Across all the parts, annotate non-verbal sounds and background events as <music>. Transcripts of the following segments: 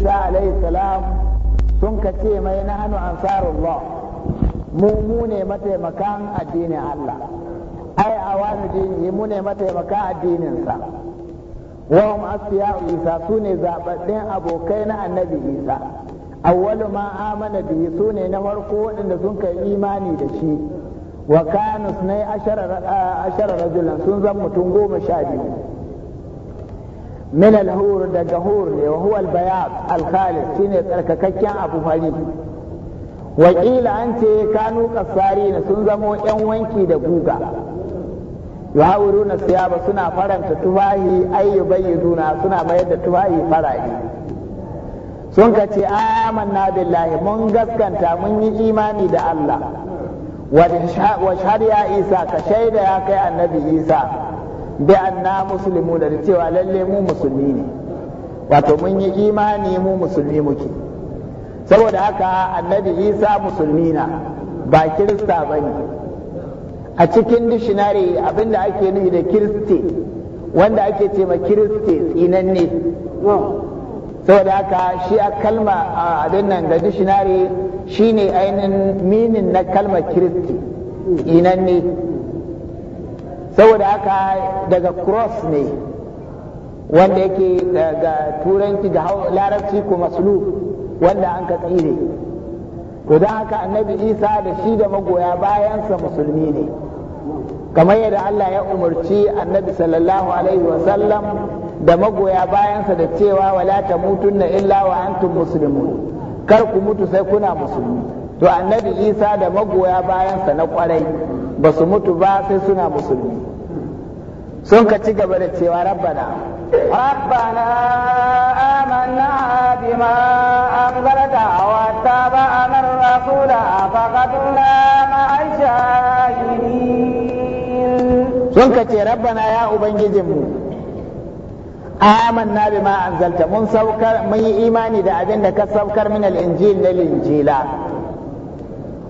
isa alayhi salam sun ka ce mai na hannu ansarullah mu mu ne mataimakan addinin Allah ai a wani dini mu ne mataimakan addininsa wa hum asfiya isa su ne zaɓaɗɗen abokai na annabi isa awwalu ma amana bihi su ne na farko waɗanda sun kai imani da shi wa kanu sunai ashara rajulan sun zan mutum goma sha biyu Minal al-hur daga hur ne wa huwa al shine tsarkakakken abu fari wakila an ce kanu kasari na sun zamo yan wanki da guga yuhawuru na siyaba suna faranta tufahi ayyu bayyiduna suna bayar da tufahi fara'i sun ka a amanna billahi mun gaskanta mun yi imani da Allah wa shahar ya isa ka da ya kai annabi isa bi anna muslimu da cewa lalle mu musulmi ne wato mun yi imani mu musulmi muke saboda haka annabi isa musulmi na ba kirista ba ne a cikin dishinari abinda ake nufi da kiriste wanda ake ce ma kiriste tsinanne saboda haka shi a kalma abin nan ga dishinari shine ainihin minin na kalmar kiriste tsinanne saboda haka daga cross ne wanda yake ga turanci ga larabci ko maslu wanda an ka tsire to don haka annabi isa da shi da magoya bayansa musulmi ne kamar yadda allah ya umarci annabi sallallahu alaihi wasallam da magoya bayansa da cewa wala ta mutunna illa wa antum muslimun kar ku mutu sai kuna musulmi to annabi isa da magoya bayansa na kwarai ba su mutu ba sai suna musulmi sun ka ci gaba da cewa rabbana rabbana amanna bima anzalta wa tabana rasula qadna ma sun ka ce rabbana ya mu amanna bima anzalta mun saukar mun yi imani da abin da ka saukar min al-injil lil injila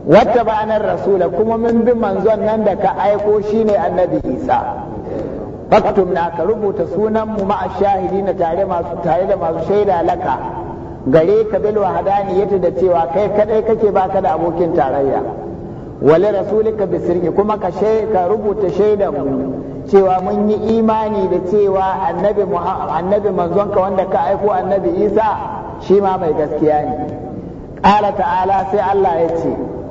wata ba'anar rasula kuma mun bi manzon nan da ka aiko shi ne annabi isa faktum na ka rubuta sunan mu ma'a shahidi na tare masu tare da masu shaida laka gare ka bil yadda da cewa kai kadai kake baka da abokin tarayya wali rasulika bi sirri kuma ka ka rubuta shaidan mu cewa mun yi imani da cewa annabi annabi manzon ka wanda ka aiko annabi isa shi ma mai gaskiya ne qala ta'ala sai Allah ya ce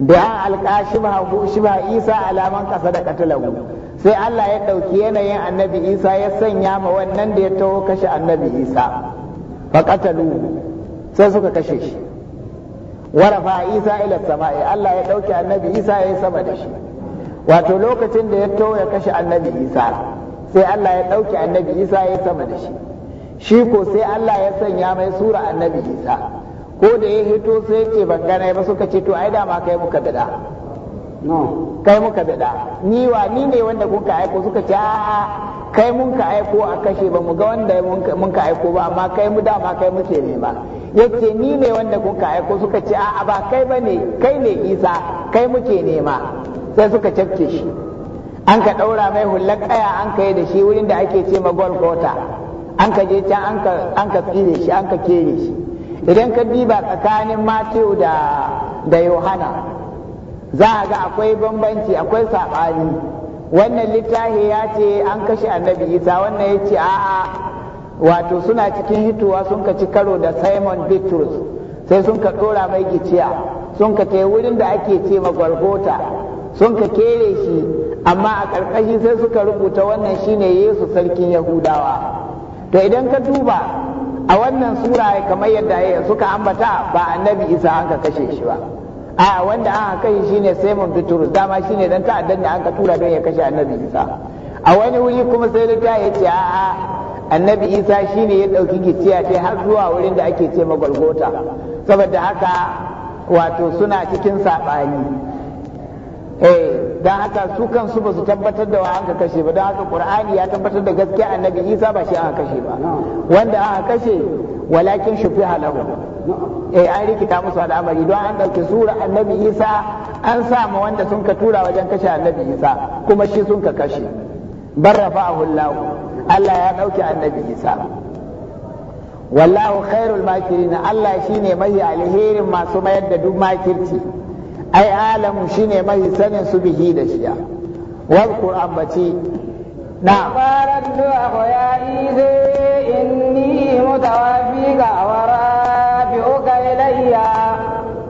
da an alka shibha isa alaman kasa da katalagu sai Allah ya ɗauki yanayin annabi isa ya sanya ma wannan da ya taho kashe annabi isa fa katalu sai suka kashe shi warafa isa ila sama'i Allah ya ɗauki annabi isa ya yi sama da shi wato lokacin da ya taho ya kashe annabi isa sai Allah ya ɗauki annabi isa ya yi sama da shi shi ko sai Allah ya sanya mai sura annabi isa ko da ya hito sai ce ban gane ba suka ce to ai dama kai muka bida kai muka bida ni wa ni ne wanda kuka aiko suka ce a kai mun ka aiko a kashe ba mu ga wanda mun ka aiko ba amma kai mu dama kai muke ne ba yace ni ne wanda kuka aiko suka ce a ba kai bane kai ne isa kai muke nema sai suka cafke shi an ka daura mai hullar kaya an kai da shi wurin da ake ce ma golgota an ka je can an ka tsire shi an ka kere shi idan ka diba tsakanin Matthew da da Yohana za a ga akwai bambanci akwai saɓani wannan littafi ya ce an kashe annabi isa wannan ya ce a'a wato suna cikin hituwa sun ka ci karo da simon bitrus sai sun ka ɗora mai giciya sun ka kai wurin da ake ce magwargota sun ka kere shi amma a ƙarƙashi sai suka rubuta wannan shine yesu sarkin yahudawa to idan ka duba a wannan sura kamar yadda suka ambata ba annabi isa an ka kashe shi ba a wanda an kai shine mun fitur dama shine dan ta'addan da an ka tura don ya kashe annabi isa a wani wuri kuma sai da ya ce a annabi isa shine ya dauki gicciya ce har zuwa wurin da ake ce magwalgota saboda haka wato suna cikin saɓani eh dan haka su kansu ba su tabbatar da wa aka kashe ba don haka qur'ani ya tabbatar da gaskiya annabi isa ba shi aka kashe ba wanda aka kashe walakin shufi halahu eh an rikita musu al'amari don an ɗauki sura annabi isa an sa ma wanda sun ka tura wajen kashe annabi isa kuma shi sun ka kashe barrafa'ahu allah allah ya ɗauki annabi isa wallahu khairul makirin allah shine mai alherin masu mayar da duk makirci ai alamu shine mai sanin su bihi da shiya wadkur ambaci na barat du'a ya ize inni mutawaffika wa rabi'uka ilayya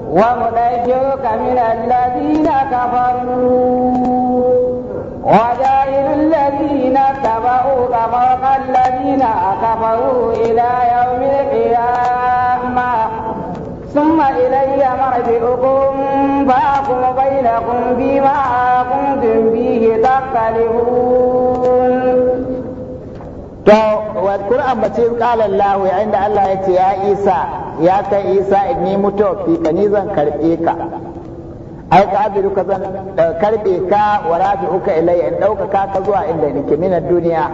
wa mudajjuka min alladhina kafaru وجاعل الذين اتبعوك فوق الذين كفروا إلى يوم ثم إلي مرجعكم فأحكم بينكم فيما كنتم فيه تختلفون To, wadkur ambacin ƙalar lahu yayin da Allah ya ce ya Isa, ya kai Isa in ni mutu fi ka zan karɓe ka. Ai ka abiru ka uka ilayya in ɗaukaka ka zuwa inda duniya.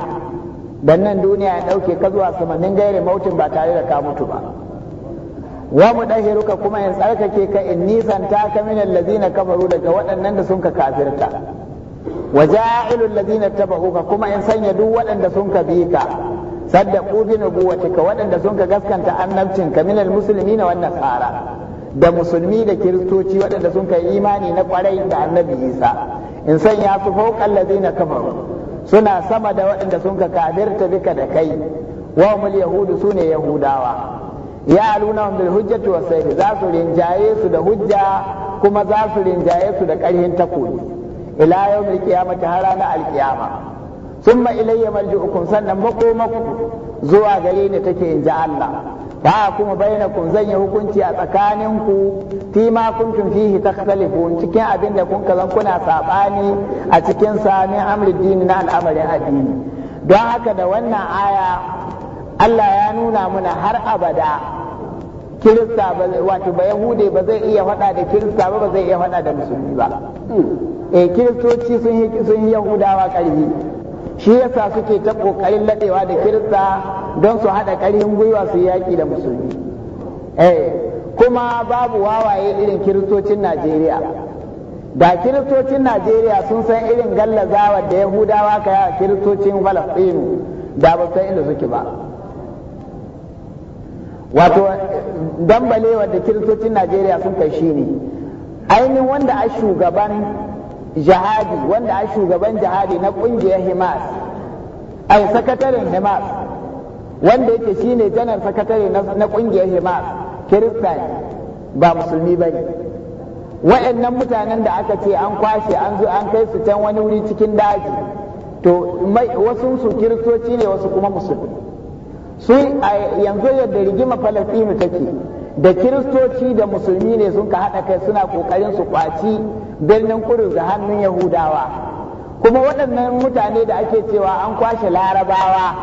Dan duniya ya ɗauke ka zuwa samanin gairi mautin ba tare da ka mutu ba. wa mudahiruka kuma in tsarkake ka in nisanta ka min allazina kafaru daga waɗannan da sun ka kafirta wa ja'ilu allazina ka kuma in sanya duk waɗanda sun ka bi ka saddaqu bi waɗanda sun ka gaskanta annabcin ka min na wannan tsara, da musulmi da kiristoci waɗanda sun kai imani na kwarai da annabi isa in sanya su fauqa allazina kafaru suna sama da waɗanda sun ka kafirta bika da kai wa yahudu sune yahudawa ya aluna bil hujjati was za su rinjaye su da hujja kuma za su rinjaye su da ƙarhin takuri ila yawmil qiyamati har ranar Sun thumma ilayya marji'ukum sannan makomaku zuwa gare ni take in ji Allah fa kuma bainakum zan yi hukunci a tsakaninku fi ma kuntum fihi takhtalifun cikin abin da kun kazan kuna saɓani a cikin sami min dini na al'amarin addini don haka da wannan aya Allah ya nuna mana har abada kirista ba wato ba yahude ba zai iya faɗa da kirista ba ba zai iya faɗa da musulmi ba eh kiristoci sun yi sun yahudawa ƙarfi shi yasa suke ta kokarin ladewa da kirista don su haɗa ƙarfin gwiwa su yaki da musulmi eh kuma babu wawaye irin kiristocin Najeriya da kiristocin Najeriya sun san irin gallazawa da yahudawa ka kiristocin Falastinu da ba san inda suke ba wato dambale da kiristocin najeriya sun kai shi ne ainihin wanda a shugaban jihadi wanda a shugaban jihadi na kungiyar himas ai sakataren himas wanda yake shi ne janar sakatare na kungiyar himas kirista ba musulmi ba ne wa'annan mutanen da aka ce an kwashe an zo an kai su can wani wuri cikin daji to wasu su kiristoci ne wasu kuma musulmi sun yanzu yadda rigima falastinu take da kiristoci da musulmi ne sun ka haɗa kai suna ƙoƙarin su kwaci birnin kudu da hannun yahudawa kuma waɗannan mutane da ake cewa an kwashe larabawa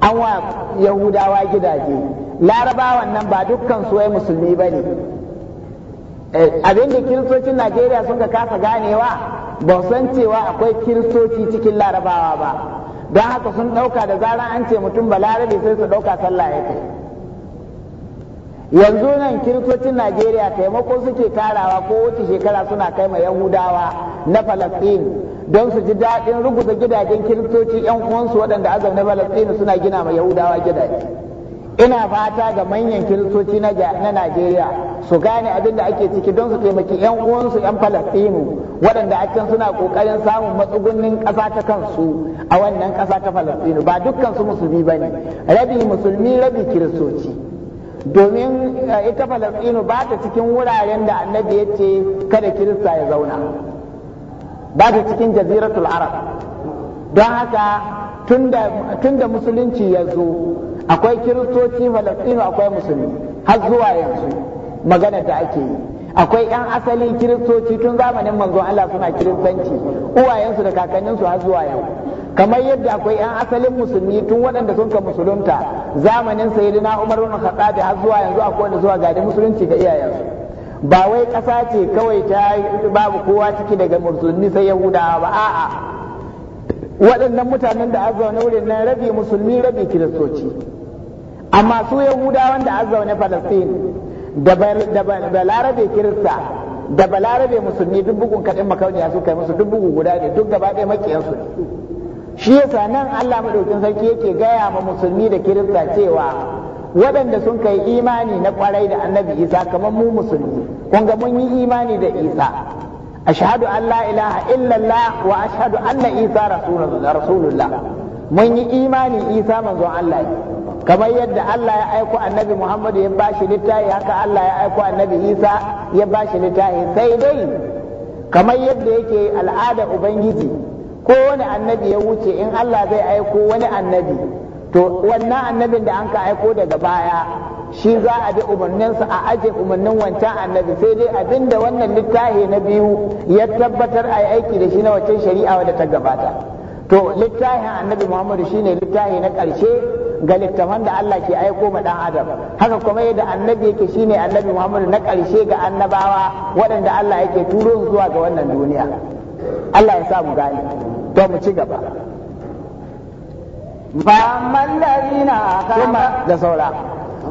an wa yahudawa gidaje larabawan nan ba dukkan su wai musulmi ba ne eh, abin kiristocin najeriya sun ka kasa ganewa ba san cewa akwai kiristoci cikin larabawa ba don haka sun ɗauka da zarar an ce mutum balarabe sai su ɗauka sallah ya kai yanzu nan kiristocin najeriya taimako suke karawa ko wace shekara suna kai ma yahudawa na falastin don su ji daɗin rubuta gidajen kiristoci yan uwansu waɗanda azam na falastin suna gina ma yahudawa gidaje ina fata ga manyan kiristoci na najeriya su gane abin da ake ciki don su taimaki yan uwansu yan falastinu waɗanda ake suna ƙoƙarin samun matsugunnin ƙasa ta kansu a wannan ƙasa ta falastinu ba dukkan su musulmi ba ne rabi musulmi rabi kiristoci domin eh, ita falastinu ba ta cikin wuraren da annabi ya ce kada kirista ya zauna ba ta cikin jaziratul arab don haka tun da musulunci ya zo akwai kiristoci falastinu akwai musulmi har zuwa yanzu magana da ake yi akwai yan asalin kiristoci tun zamanin manzon Allah suna kiristanci uwayensu da kakanninsu har zuwa yau kamar yadda akwai yan asalin musulmi tun waɗanda sun ka musulunta zamanin sayyidina Umar bin Khattab har zuwa yanzu akwai wanda zuwa gari musulunci ga iyayensu ba wai ƙasa ce kawai ta babu kowa ciki daga musulmi sai yahudawa ba a'a waɗannan mutanen da azzaune wurin nan rabi musulmi rabi kiristoci amma su yahudawan da azzaune falastin da balarabe kirista da balarabe musulmi duk bugun kaɗin makauniya su kai musu duk bugu guda ne duk gaba ɗaya makiyansu shi yasa nan Allah madaukin sarki yake gaya ma musulmi da kirista cewa waɗanda sun kai imani na ƙwarai da annabi isa kamar mu musulmi kun ga mun yi imani da isa ashhadu an la ilaha illallah wa ashhadu anna isa rasulullah mun yi imani isa manzon Allah ne kamar yadda Allah ya aiko annabi Muhammadu ya ba shi littafi haka Allah ya aiko annabi Isa ya ba shi littafi sai dai kamar yadda yake al'ada ubangiji ko wani annabi ya wuce in Allah zai aiko wani annabi to wannan annabin da an ka aiko daga baya shi za a bi umarninsa a aje umarnin wancan annabi sai dai abinda wannan littafi na biyu ya tabbatar a yi aiki da shi na wancan shari'a wadda ta gabata to littafin annabi muhammadu shine littafi na karshe ga littafan da Allah ke aiko ma dan adam haka kuma yadda annabi yake shine annabi muhammadu na ƙarshe ga annabawa waɗanda Allah yake turo zuwa ga wannan duniya Allah ya sa mu gane to mu ci gaba فأما الذين kama da saura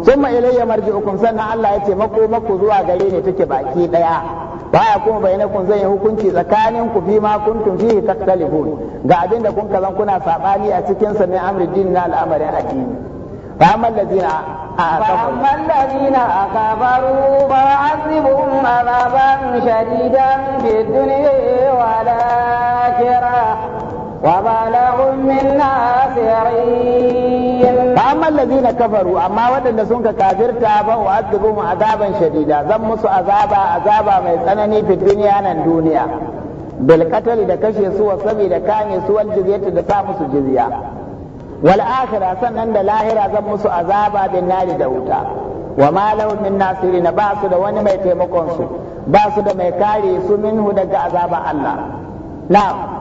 ثم إلي مرجعكم sannan Allah ya ce mako mako zuwa gare ne take baki ɗaya. baya kuma bainakum zan yi hukunci tsakanin ku fi ma kuntum fihi taktalifun ga abinda da kun zan kuna sabani a cikin sa min din na al'amarin addini fa amman ladina فأما الذين كفروا فأعذبهم shadidan شديدا في الدنيا kira. وما لهم من ناصرين فأما الذين كفروا أما ودن سنك كافر تابا وأذبهم عذابا شديدا زمسوا عذابا عذابا ما يتنني في الدنيا عن الدنيا بالقتل da kashe su wa saboda kame su wal jizyata da sa musu jizya wal akhira sannan da lahira zan musu azaba bin da wuta wa ma lahum min nasirin ba su da wani mai taimakon su ba su da mai kare su minhu daga azaba Allah na'am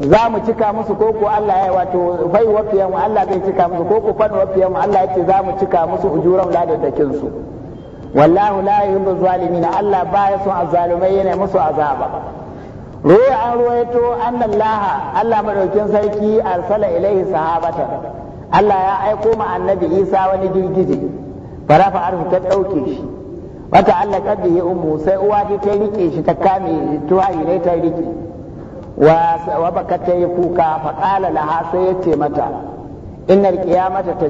za mu cika musu ko Allah ya wato bai wafiyan mu Allah zai cika musu ko fan wafiyan mu Allah yake za mu cika musu ujuran kin su wallahu la yuhibbu zalimin Allah ba ya son azzalumai yana musu azaba ruwa an ruwaito annallaha Allah madaukin sarki arsala ilaihi sahabatan Allah ya aiko ma annabi Isa wani girgije farafa arhu ta dauke shi wata Allah kadda ya ummu sai uwa ta rike shi ta kame tuwayi ne ta rike wa sababa ta yi kuka faƙala laha sai ya ce mata innar ƙiyamata ta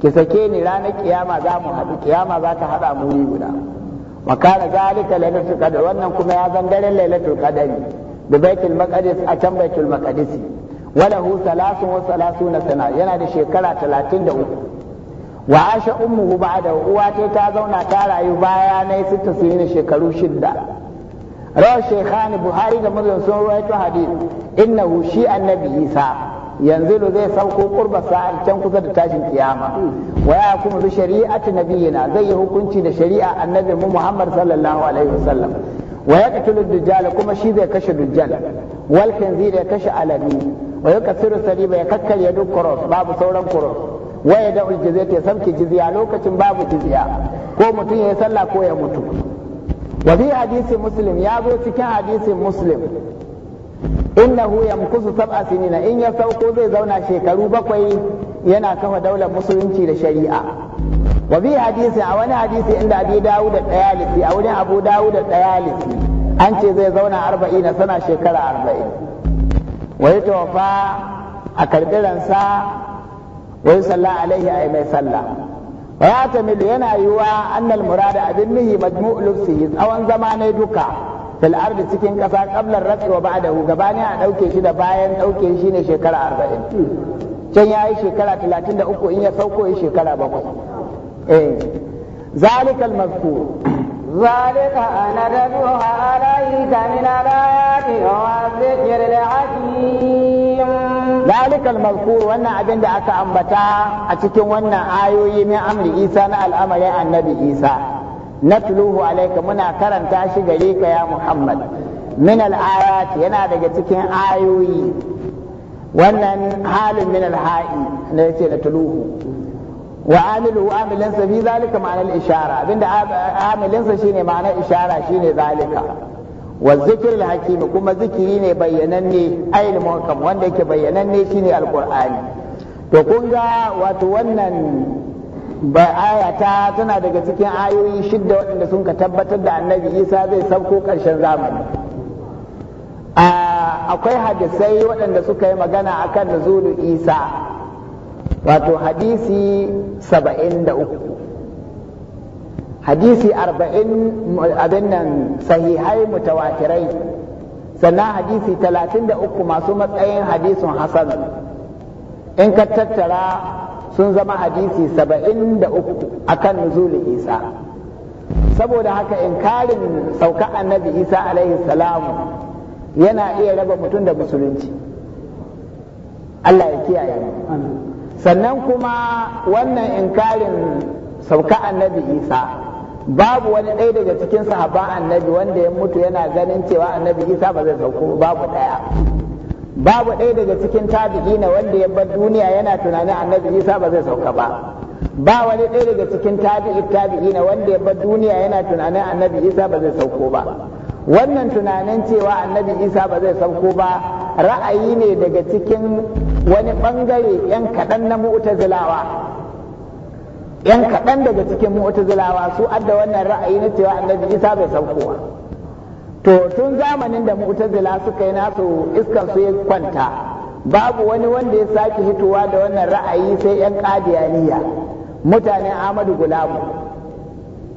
ki sake ni ranar ƙiyama za mu haɗu ƙiyama za ta haɗa mu wuri guda wa kana zalika lailatul qadr wannan kuma ya zan daren lailatul qadri bi baitul maqdis a can baitul maqdis walahu salasun wa salasuna yana da shekara 33 wa asha ummuhu ba'da uwa ta zauna ta rayu baya ne 60 shekaru shidda rawa shekhani buhari da muslim sun ruwaito hadith innahu shi annabi isa yanzu zai sauko kurba sa'ar can kusa da tashin kiyama wa ya kuma bi shari'ati nabiyina zai yi hukunci da shari'a annabi mu muhammad sallallahu alaihi wasallam wa kuma shi zai kashe dujjal wal khinzir ya kashe alami wa yakasiru sariba ya kakkarya duk kuros babu sauran kuros wa ya da'ul jizya ya lokacin babu jizya ko mutum ya yi sallah ko ya mutu wa bi hadisi muslim ya zo cikin hadisin muslim innahu yamkusu sab'a sinina in ya sauko zai zauna shekaru bakwai yana kafa daular musulunci da shari'a wa bi hadisi a wani hadisi inda abi dawud da dayalisi a wurin abu dawud da dayalisi an ce zai zauna na sana shekara arba'in wai yatawaffa a karbiransa wai sallah alaihi ay mai sallah wa yana yiwuwa yana yiwa annal murada abin nihi majmu'u lufsihi tsawon zama ne duka fil ardi cikin kasa qablar ratsi wa ba'dahu gabani a dauke shi da bayan dauke shi ne shekara 40 can yayi shekara 33 in ya sauko yi shekara ذلك أنا عليك من الآيات والذكر الحكيم zalikal mazkur wannan abin da aka ambata a cikin wannan ayoyi min amri isa na al'amari annabi isa natluhu alayka muna karanta shi gare ka ya muhammad min al'ayat yana daga cikin ayoyi wannan halin min al na yace natluhu wa amilu amilansa fi zalika ma'anar ishara abinda amilinsa shine ma'anar ishara shine zalika wa zikir hakimi kuma zikiri ne ne ayin muhkam wanda yake bayyananne shine alqur'ani to kun ga wato wannan ba ayata tana daga cikin ayoyi shidda waɗanda sun ka tabbatar da annabi isa zai sauko ƙarshen zamani akwai hadisai waɗanda suka yi magana akan nuzulu isa wato hadisi saba'in da uku hadisi arba'in abin nan sahihai mutawatirai sannan hadisi talatin da uku masu matsayin hadisin Hassan in ka tattara sun zama hadisi saba'in da uku akan nuzulin isa saboda haka inkarin sauka annabi isa alaihi salamu yana iya raba mutum da musulunci allah ya kiyaye sannan kuma wannan inkarin sauka annabi isa babu wani ɗaya daga cikin sahaba annabi wanda ya mutu yana ganin cewa annabi isa ba zai sauko babu ɗaya babu ɗaya daga cikin tabi'i na wanda ya bar duniya yana tunanin annabi isa ba zai sauka ba ba wani ɗaya daga cikin tabi'i tabi'i na wanda ya bar duniya yana tunanin annabi isa ba zai sauko ba wannan tunanin cewa annabi isa ba zai sauko ba ra'ayi ne daga cikin wani ɓangare 'yan kaɗan na mu'tazilawa yan kaɗan daga cikin mu'tazilawa su adda wannan ra'ayi na cewa annabi isa bai saukowa to tun zamanin da mu'tazila suka yi nasu iskar su ya kwanta babu wani wanda ya sake hitowa da wannan ra'ayi sai yan kadiyaniya mutanen ahmadu gulamu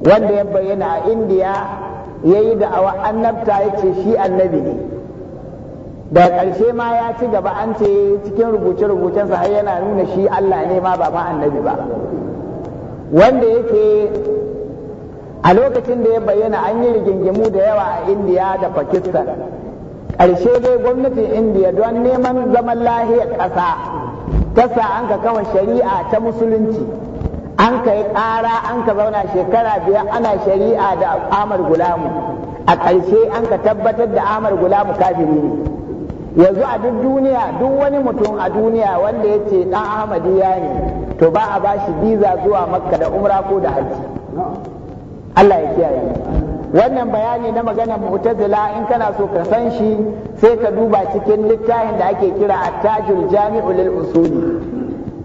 wanda ya bayyana a indiya ya yi da'awa annabta ya ce shi annabi ne da ƙarshe ma ya ci gaba an ce cikin rubuce-rubucensa har yana nuna shi allah ne ma ba ma annabi ba wanda yake a lokacin da ya bayyana an yi rigingimu da yawa a indiya da pakistan ƙarshe dai gwamnatin indiya don neman zaman lahiyar ƙasa ta sa an ka kawo shari'a ta musulunci an ka yi ƙara an ka zauna shekara biyar ana shari'a da amar gulamu a ƙarshe an ka tabbatar da amar gulamu kafin ne yanzu a duk duniya duk wani mutum a duniya wanda ya ce ɗan ahmadi ya ne to ba a bashi biza zuwa makka da umra ko da hajji Allah ya kiyaye wannan bayani na maganar mu'tazila in kana so ka san shi sai ka duba cikin littafin da ake kira at-tajul jami'u lil usuli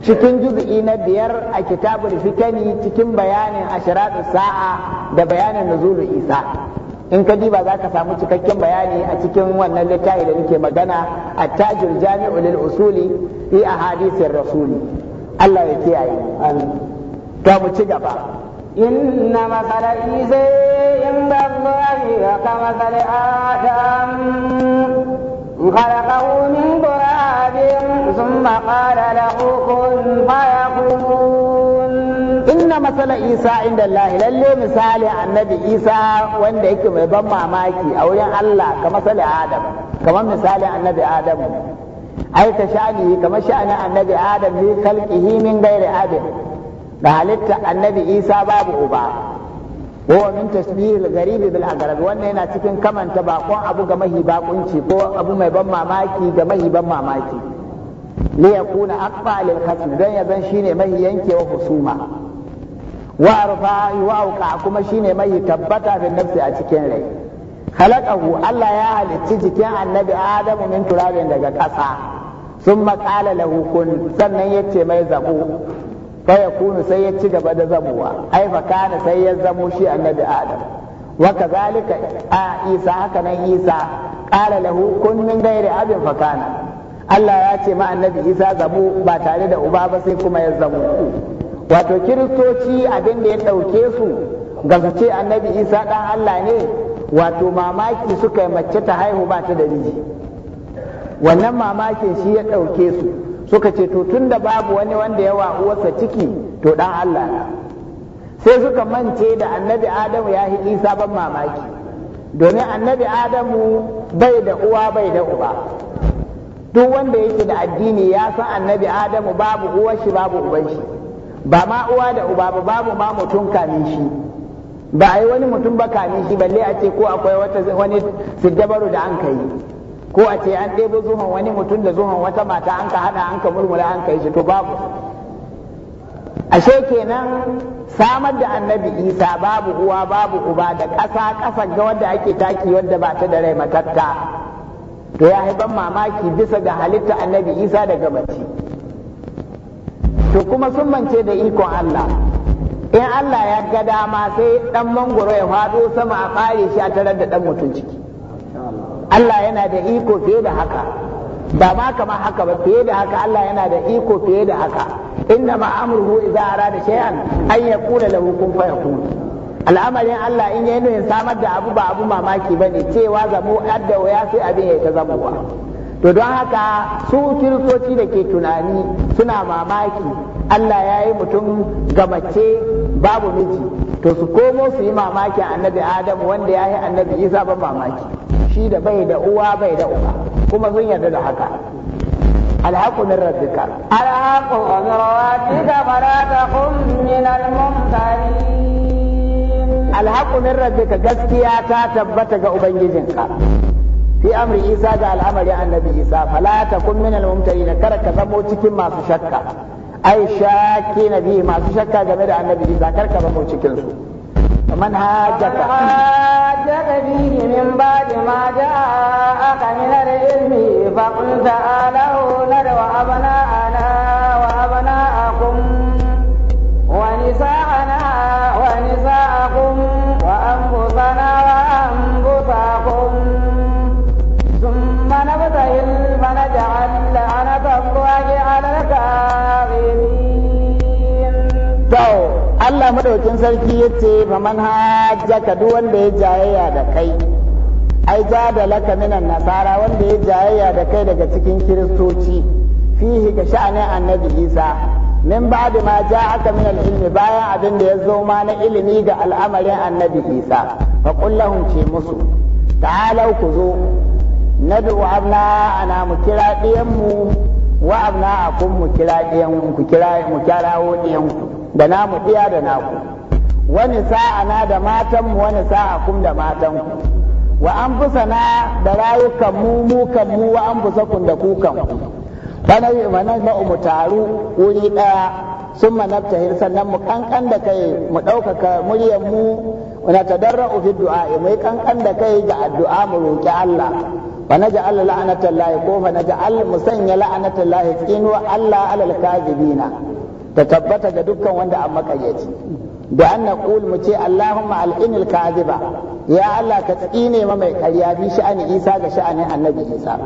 cikin juz'i na biyar a kitabul fikani cikin bayanin asharatu sa'a da bayanin nuzulul isa in ka diba za ka samu cikakken bayani a cikin wannan littafi da nake magana a tajul jami'u lil usuli fi ahadithir rasuli Allah ya kiyaye ta mu ci gaba inna masala isa inda Allah ya kama sala adam خلقه من تراب ثم قال له كن فيكون masala isa inda lahi, lalle misali annabi isa wanda yake mai ban mamaki a wurin Allah ka masala adam kamar misali annabi adam ai ka sha'ani kamar sha'ani annabi adam ne kalqihi min gairi abin da halitta annabi isa babu uba wa min tasbihil garibi bil agrab wannan yana cikin kamanta bakon abu ga mahi bakunci ko abu mai ban mamaki ga mahi ban mamaki li yakuna aqfa lil khasm dan yazan shine mahi yankewa husuma wa arfa wa auka kuma shine mai tabbata bin nafsi a cikin rai khalaqahu Allah ya halicci jikin annabi Adamu min turabin daga ƙasa sun maƙala lahu kun sannan yace mai zabo fa ya kunu sai ya ci gaba da zabuwa ai fa kana sai ya zamo shi annabi Adam wa kazalika a Isa haka nan Isa qala lahu kun min gairi abin fa kana Allah ya ce ma annabi Isa zabo ba tare da uba ba sai kuma ya zamo wato kiristoci abinda ya ɗauke su ga su ce annabi isa ɗan allah ne wato mamaki suka yi mace ta haihu ba ta da miji wannan mamakin shi ya ɗauke su suka ce to tun da babu wani wanda yawa uwarsa ciki to ɗan allah ne. sai suka mance da annabi adamu ya yi isa ban mamaki domin annabi adamu bai da uwa bai da uba duk wanda yake da addini ya san annabi adamu babu uwar shi babu uban shi ba ma uwa da uba ba babu ma mutum kame shi ba a yi wani mutum ba kame shi balle a ce ko akwai wata wani siddabaru da an kai ko a ce an ɗebo zuhon wani mutum da zuhon wata mata an ka haɗa an ka murmula an kai shi to babu ashe kenan samar da annabi isa babu uwa babu uba da ƙasa ƙasa ga wanda ake taki wadda ba ta da rai matatta to ya ban mamaki bisa ga halitta annabi isa daga mace to kuma sun mance da ikon Allah in Allah ya ga dama sai dan mangoro ya faɗo sama a fare shi a tarar da dan mutum ciki Allah yana da iko fiye da haka ba ma kamar haka ba fiye da haka Allah yana da iko fiye da haka inna ma amruhu idza arada shay'an an yaqula lahu kun fayakun al'amarin Allah in yayin samar da abu ba abu mamaki bane cewa zamu adda ya sai abin ya ta zamuwa to don haka su kiristoci da ke tunani suna mamaki Allah ya yi mutum ga mace babu miji to su komo su yi mamaki annabi adam wanda ya yi annabi isa ba mamaki shi da bai da uwa bai da uba kuma sun yarda da haka الحق من ربك الحق من ربك فلا تكن من الممترين الحق من ربك gaskiya ta tabbata ga ubangijinka fi amri isa ga al'amari annabi isa fala takun min al-mumtarin kar ka nabi masu shakka game da annabi isa kar ka zamo cikin su man hajjaka hajjaka ilmi to Allah madaukin sarki ya yace ma hajjaka duk wanda ya jayayya da kai ai ja da laka minan nasara wanda ya jayayya da kai daga cikin kiristoci fihi ga sha'anin annabi Isa min da ma ja aka minan ilmi bayan abin da ya zo ma na ilimi ga al'amarin annabi Isa fa qul ce musu ta'alau ku zo nad'u abna ana mu kira diyan wa abna akum mu kira ku kira mu kirawo diyan ku da namu iya da naku wani sa'a na da matanmu wani sa'a kum da matanku wa an na da rayukan mu mu kan mu wa an kun da kukan ku bana manan ma mu taru wuri daya sun manaftahir sannan mu kankan da kai mu ɗaukaka muryar mu na tadarra'u fi du'a mu kankan da kai ga addu'a mu roki Allah fa naj'al la'natallahi ko fa naj'al musanya la'natallahi tsinuwa Allah alal kajibina. ta tabbata ga dukkan wanda an makayyaci da an ul mu ce Allahumma al'inil kaziba ya Allah ka tsine ma mai karya biyu sha'ani Isa da sha'anin annabi Isa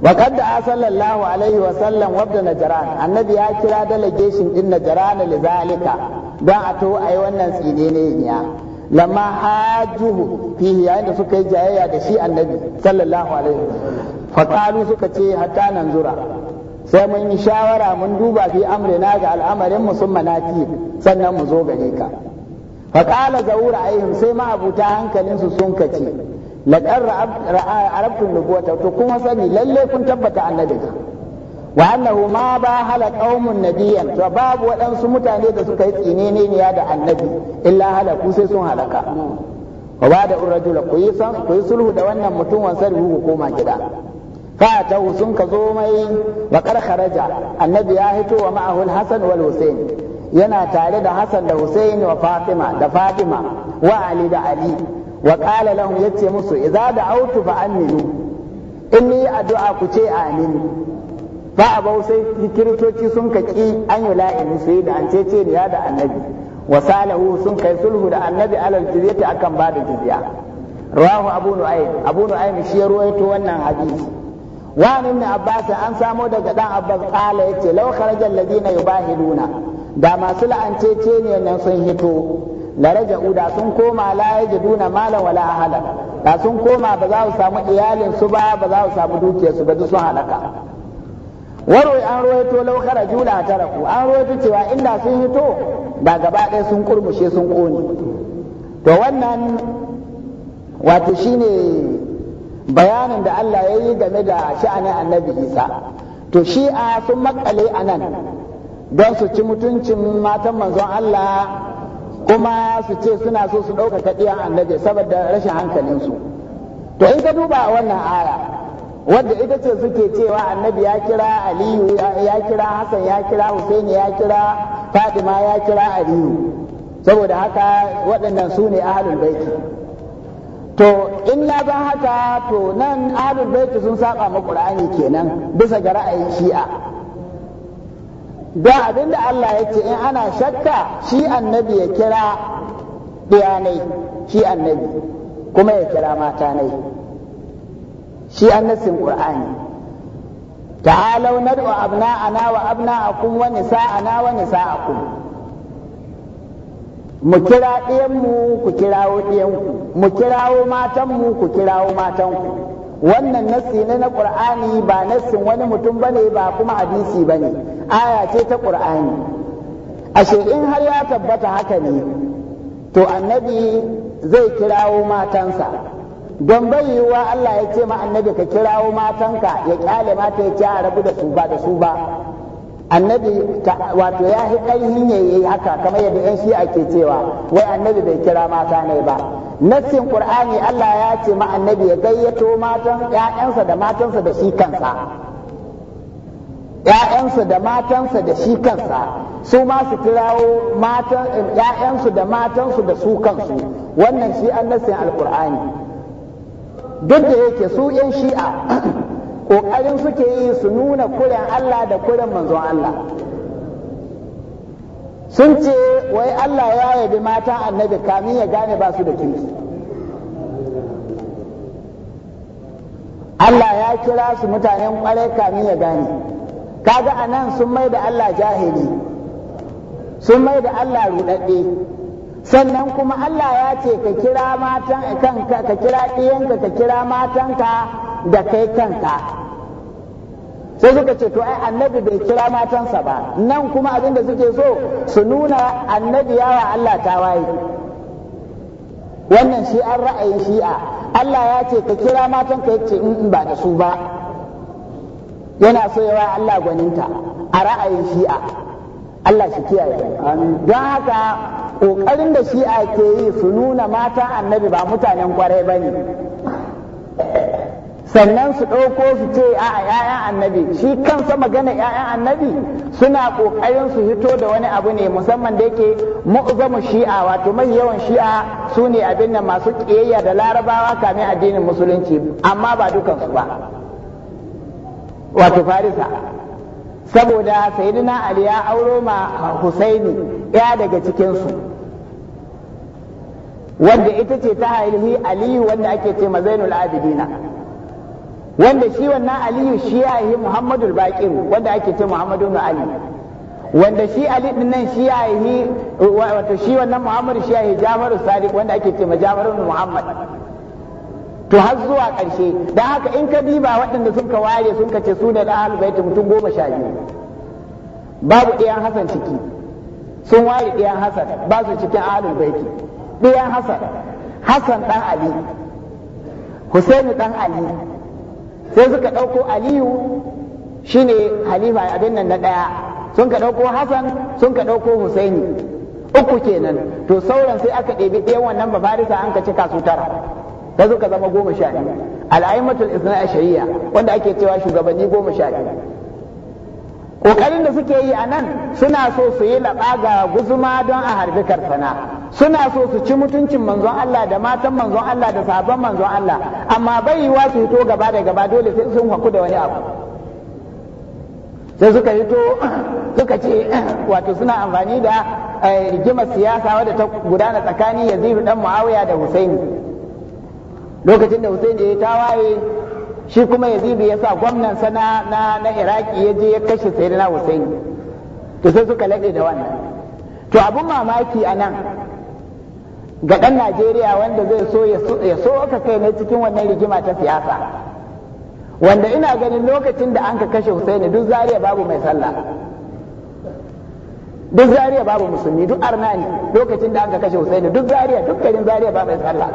wa qad da sallallahu alaihi wa sallam wabda najran annabi ya kira delegation din najran li zalika Don a to ayi wannan tsine ne lamma hajuhu fihi yayin da suka yi jayayya da shi annabi sallallahu alaihi wa sallam fa suka ce "Hata nan zura sai mun yi shawara mun duba fi amrina ga al'amarin mu sun manaki sannan mu zo gare ka fa qala zawur ayyuhum sai ma abuta hankalin su sun kace laqad arabtum nubuwata to kuma sani lalle kun tabbata annabi wa annahu ma ba hala qaumun nabiyyan to babu waɗansu mutane da suka yi tsinene ne da annabi illa halaku sai sun halaka wa ba da urajula ku yi sulhu da wannan mutum wansar ku koma gida fatahu sun ka zo mai bakar kharaja annabi ya hito wa ma'ahul hasan wal husain yana tare da hasan da husain wa fatima da fatima wa ali da ali wa qala lahum yace musu idza da'awtu fa aminu inni addu'a ku ce amin fa abau sai kiristoci sun ka ki an yi la'ini su da an cece ni ya da annabi wa salihu sun kai sulhu da annabi alal jizyati akan ba da jizya rawahu abu nu'aym abu nu'aym shi ya ruwaito wannan hadisi wa ibn abbas an samo daga ɗan abbas qala yace law kharaja alladhina yubahiluna da masu la'ancece ne nan sun hito la raja'u da sun koma la yajiduna malan wala ahala da sun koma ba za su samu iyalin su ba ba za su samu dukiyar ba duk sun halaka warwai an ruwaito law kharaju tara taraku an ruwaito cewa in da sun hito da gaba ɗaya sun kurmushe sun kone to wannan wato shine bayanin da Allah ya yi game da sha'anin annabi isa to shi'a sun makale a nan don su ci mutuncin matan manzon Allah kuma su ce suna so su ɗaukaka a annabi saboda rashin hankalinsu to in ka duba wannan aya wadda ita ce suke cewa annabi ya kira aliyu ya kira hassan ya kira husaini ya kira fadima ya kira aliyu saboda haka waɗannan su ne ahalin baiti to in ya ba haka to nan ahlul baiti sun saba ma qur'ani kenan bisa ga ra'ayin shi'a da abinda Allah ya ce in ana shakka shi annabi ya kira ɗiyanai shi annabi kuma ya kira mata nai shi annasin qur'ani wa abna'akum wa nisa'ana wa nisa'akum mu kira ɗiyanmu ku kirawo ɗiyanku mu kirawo matanmu ku kirawo matanku wannan nassi ne na ƙur'ani ba nassin wani mutum bane ba kuma hadisi bane aya ce ta ƙur'ani. ashe in har ya tabbata haka ne to annabi zai kirawo matansa don bai yiwuwa Allah ya ce ma annabi ka kirawo matanka ya kyale mata ya ce a rabu da su ba da su ba annabi wato ya yi ƙarfin yayi haka kamar yadda yan shi'a ke cewa wai annabi bai kira mata ne ba nassin qur'ani Allah ya ce ma annabi ya gayyato matan ƴaƴansa da matansa da shi kansa ƴaƴansa da matansa da shi kansa su ma su kirawo matan ƴaƴansu da matansu da su kansu wannan shi an alqur'ani duk da yake su yan shi'a ƙoƙarin suke yi su nuna kuren Allah da kuren manzon Allah sun ce wai Allah ya yabi mata annabi kamin ya gane ba su da kirki Allah ya kira su mutanen ƙwarai kamin ya gane kaga a nan sun mai da Allah jahili sun mai da Allah ruɗaɗɗe sannan kuma Allah ya ce ka kira matan ka kira ɗiyanka ka kira matanka da kai kanka sai suka ce to ai annabi bai kira matansa ba nan kuma abin da suke so su nuna annabi yawa Allah ta waye wannan shi an ra'ayin shi'a Allah ya ce ka kira matan ka yace in mm, mm, ba da su ba yana so yawa Allah gwaninta a ra'ayin shi'a Allah shi kiyaye don haka ƙoƙarin da shi'a ke yi su nuna mata annabi ba mutanen kwarai ba ne sannan su ɗauko su ce a ‘ya'yan annabi shi kansa magana ‘ya'yan annabi suna ƙoƙarin su hito da wani abu ne musamman da yake mu'zamu shi'a wato mai yawan shi'a su ne abin da masu ƙiyayya da larabawa kamin addinin musulunci amma ba dukansu ba wato farisa saboda sayyidina ali ya auro ma husaini ya daga cikinsu wanda ita ce ta haihi aliyu wanda ake ce mazainul abidina wanda shi wannan aliyu shi ya yi muhammadu baqir wanda ake ce muhammadu na ali wanda shi ali din nan shi ya yi wato shi wannan muhammadu shi ya yi jamaru sadiq wanda ake ce jafaru muhammad to har zuwa ƙarshe don haka in ka diba waɗanda sun ka ware sun ka ce su da al- bait mutum goma sha biyu babu ɗiyan hasan ciki sun ware ɗiyan hasan ba su cikin ahlul bait ɗayan hasan hasan ɗan ali husaini ɗan ali sai suka ɗauko aliyu shine halifa abin nan na ɗaya sun ka ɗauko hassan sun ka ɗauko husaini uku kenan to sauran sai aka ɗebi ɗayan wannan babarisa an ka cika su tara ta suka zama goma sha biyu al'aimatul isna a shari'a wanda ake cewa shugabanni goma sha biyu ƙoƙarin da suke yi a nan suna so su yi laɓa ga guzuma don a harbi karsana suna so su ci mutuncin manzon Allah da matan manzon Allah da sahabban manzon Allah amma bai yiwa su hito gaba da gaba dole sai sun haku da wani abu sai suka hito <coughs> suka ce <coughs> wato suna amfani da eh, rigimar siyasa wadda ta gudana tsakanin Yazid dan Muawiya da Husaini lokacin da Husaini ya tawaye shi kuma Yazid ya sa gwamnan sana na na Iraki ya je ya kashe Sayyidina Husaini to sai suka lade da wannan to abun mamaki anan ga ɗan Najeriya wanda zai so ya so aka kai ne cikin wannan rigima ta siyasa wanda ina ganin lokacin da an ka kashe Husaini duk zariya babu mai sallah duk zariya babu musulmi duk arnani lokacin da an ka kashe Husaini duk zariya duk garin zariya babu mai sallah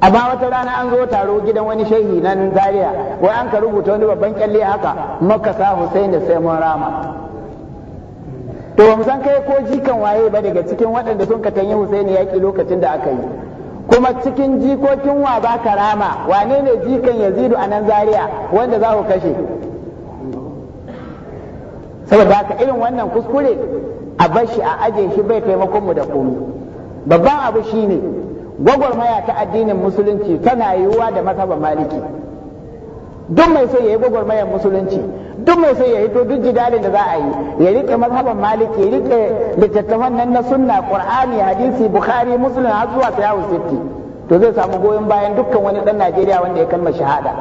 amma wata rana an zo taro gidan wani shehi nan zariya wai an ka rubuta wani babban kyalle haka makasa Husaini sai mun rama to ba mu san kai ko jikan waye ba daga cikin waɗanda sun katanyi Husaini yaƙi lokacin da aka yi kuma cikin jikokin wa ba karama wane ne jikan Yazidu a nan zariya wanda za ku kashe saboda haka irin wannan kuskure a bar a aje shi bai taimakon mu da komai babban abu shine gwagwarmaya ta addinin musulunci tana yiwuwa da masaba maliki duk mai so ya yi gwagwarmayar musulunci duk mai sai ya hito duk jidalin da za a yi ya rike mazhaban maliki ya rike littattafan nan na sunna qur'ani hadisi bukhari muslim har zuwa sayawu sitti to zai samu goyon bayan dukkan wani dan najeriya wanda ya kalma shahada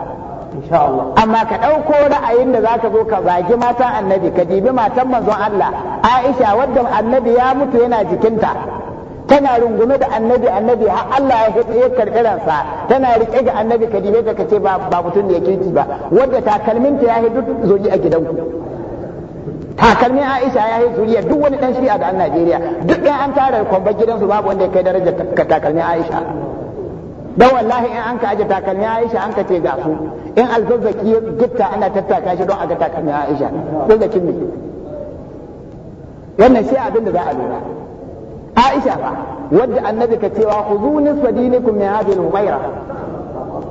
amma ka ɗauko ra'ayin da zaka zo ka zagi matan annabi ka dibi matan manzon Allah Aisha wadda annabi ya mutu yana jikinta tana rungume da annabi annabi har Allah ya hitsa ya karɓi ransa tana rike ga annabi ka da kace ba ba mutum da ya kirki ba wadda takalminta ya duk zuri a gidanku takalmin Aisha ya yi zuriya duk wani dan shi'a da an Najeriya duk ɗan an tara kwambar gidansu babu wanda ya kai darajar takalmin Aisha dan wallahi in an ka aje takalmin Aisha an ka ce ga su in alzazzaki ya gitta ana tattaka shi don a ga takalmin Aisha ko ne wannan sai abin da za a lura aisha wadda annabi ka cewa ku zu nisfa dinikum min hadhihi al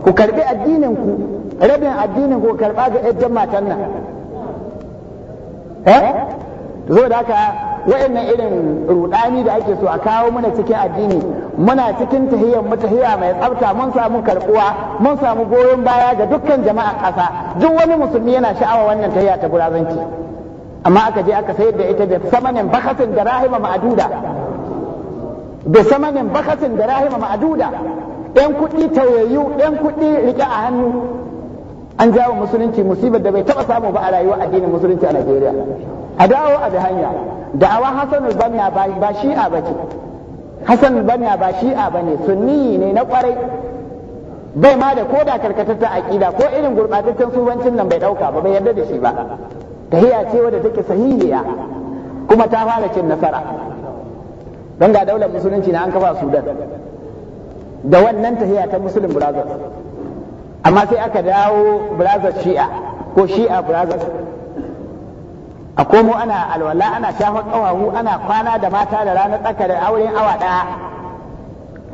ku karbi addinin ku rabin addinin ku karba ga yajjan matan nan eh zo da haka wayannan irin rudani da ake so a kawo mana cikin addini muna cikin tahiyyar mu mai tsafta mun samu karbuwa mun samu goyon baya ga dukkan jama'a ƙasa duk wani musulmi yana sha'awa wannan tahiyya ta gurazanci amma aka je aka sayar da ita da samanin bakasin da rahima ma'aduda da samanin bakasin da rahima ma'aduda ɗan kuɗi tayayyu ɗan kuɗi rike a hannu an jawo musulunci musibar da bai taɓa samu ba a rayuwa addinin musulunci a Najeriya a dawo a bi hanya da'awa Hassan Banna ba shi'a bace Hassan Banna ba shi'a bane sunni ne na kwarai bai ma da koda karkatatta aƙida ko irin gurɓataccen subancin nan bai ɗauka ba bai yarda da shi ba tahiya ce wadda take sahihiya kuma ta fara cin nasara don ga daular musulunci na an kafa sudan da wannan tahiya ta musulun brothers amma sai aka dawo brothers shi'a ko shi'a brothers a komo ana alwala ana shafar ƙawahu ana kwana da mata da ranar tsaka da auren awa ɗaya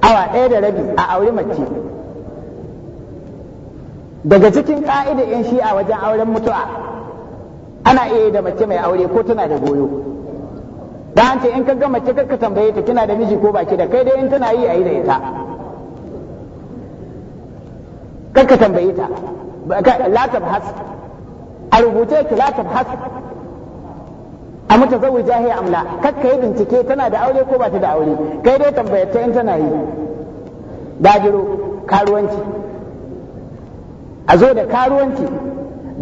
awa ɗaya da rabi a auri mace daga cikin ƙa'ida 'yan shi'a wajen auren mutuwa, ana iya yi da mace mai aure ko tana da goyo da an ce in ka gama ce ka tambaye ta kina da miji ko baki da kai dai in tana yi ayi da ita ka tambaye ta la tabhas a rubuce ki la tabhas a mutazawwija jahiya amla kakka yi bincike tana da aure ko ba ta da aure kai dai tambaye ta in tana yi dajiro karuwanci a zo da karuwanci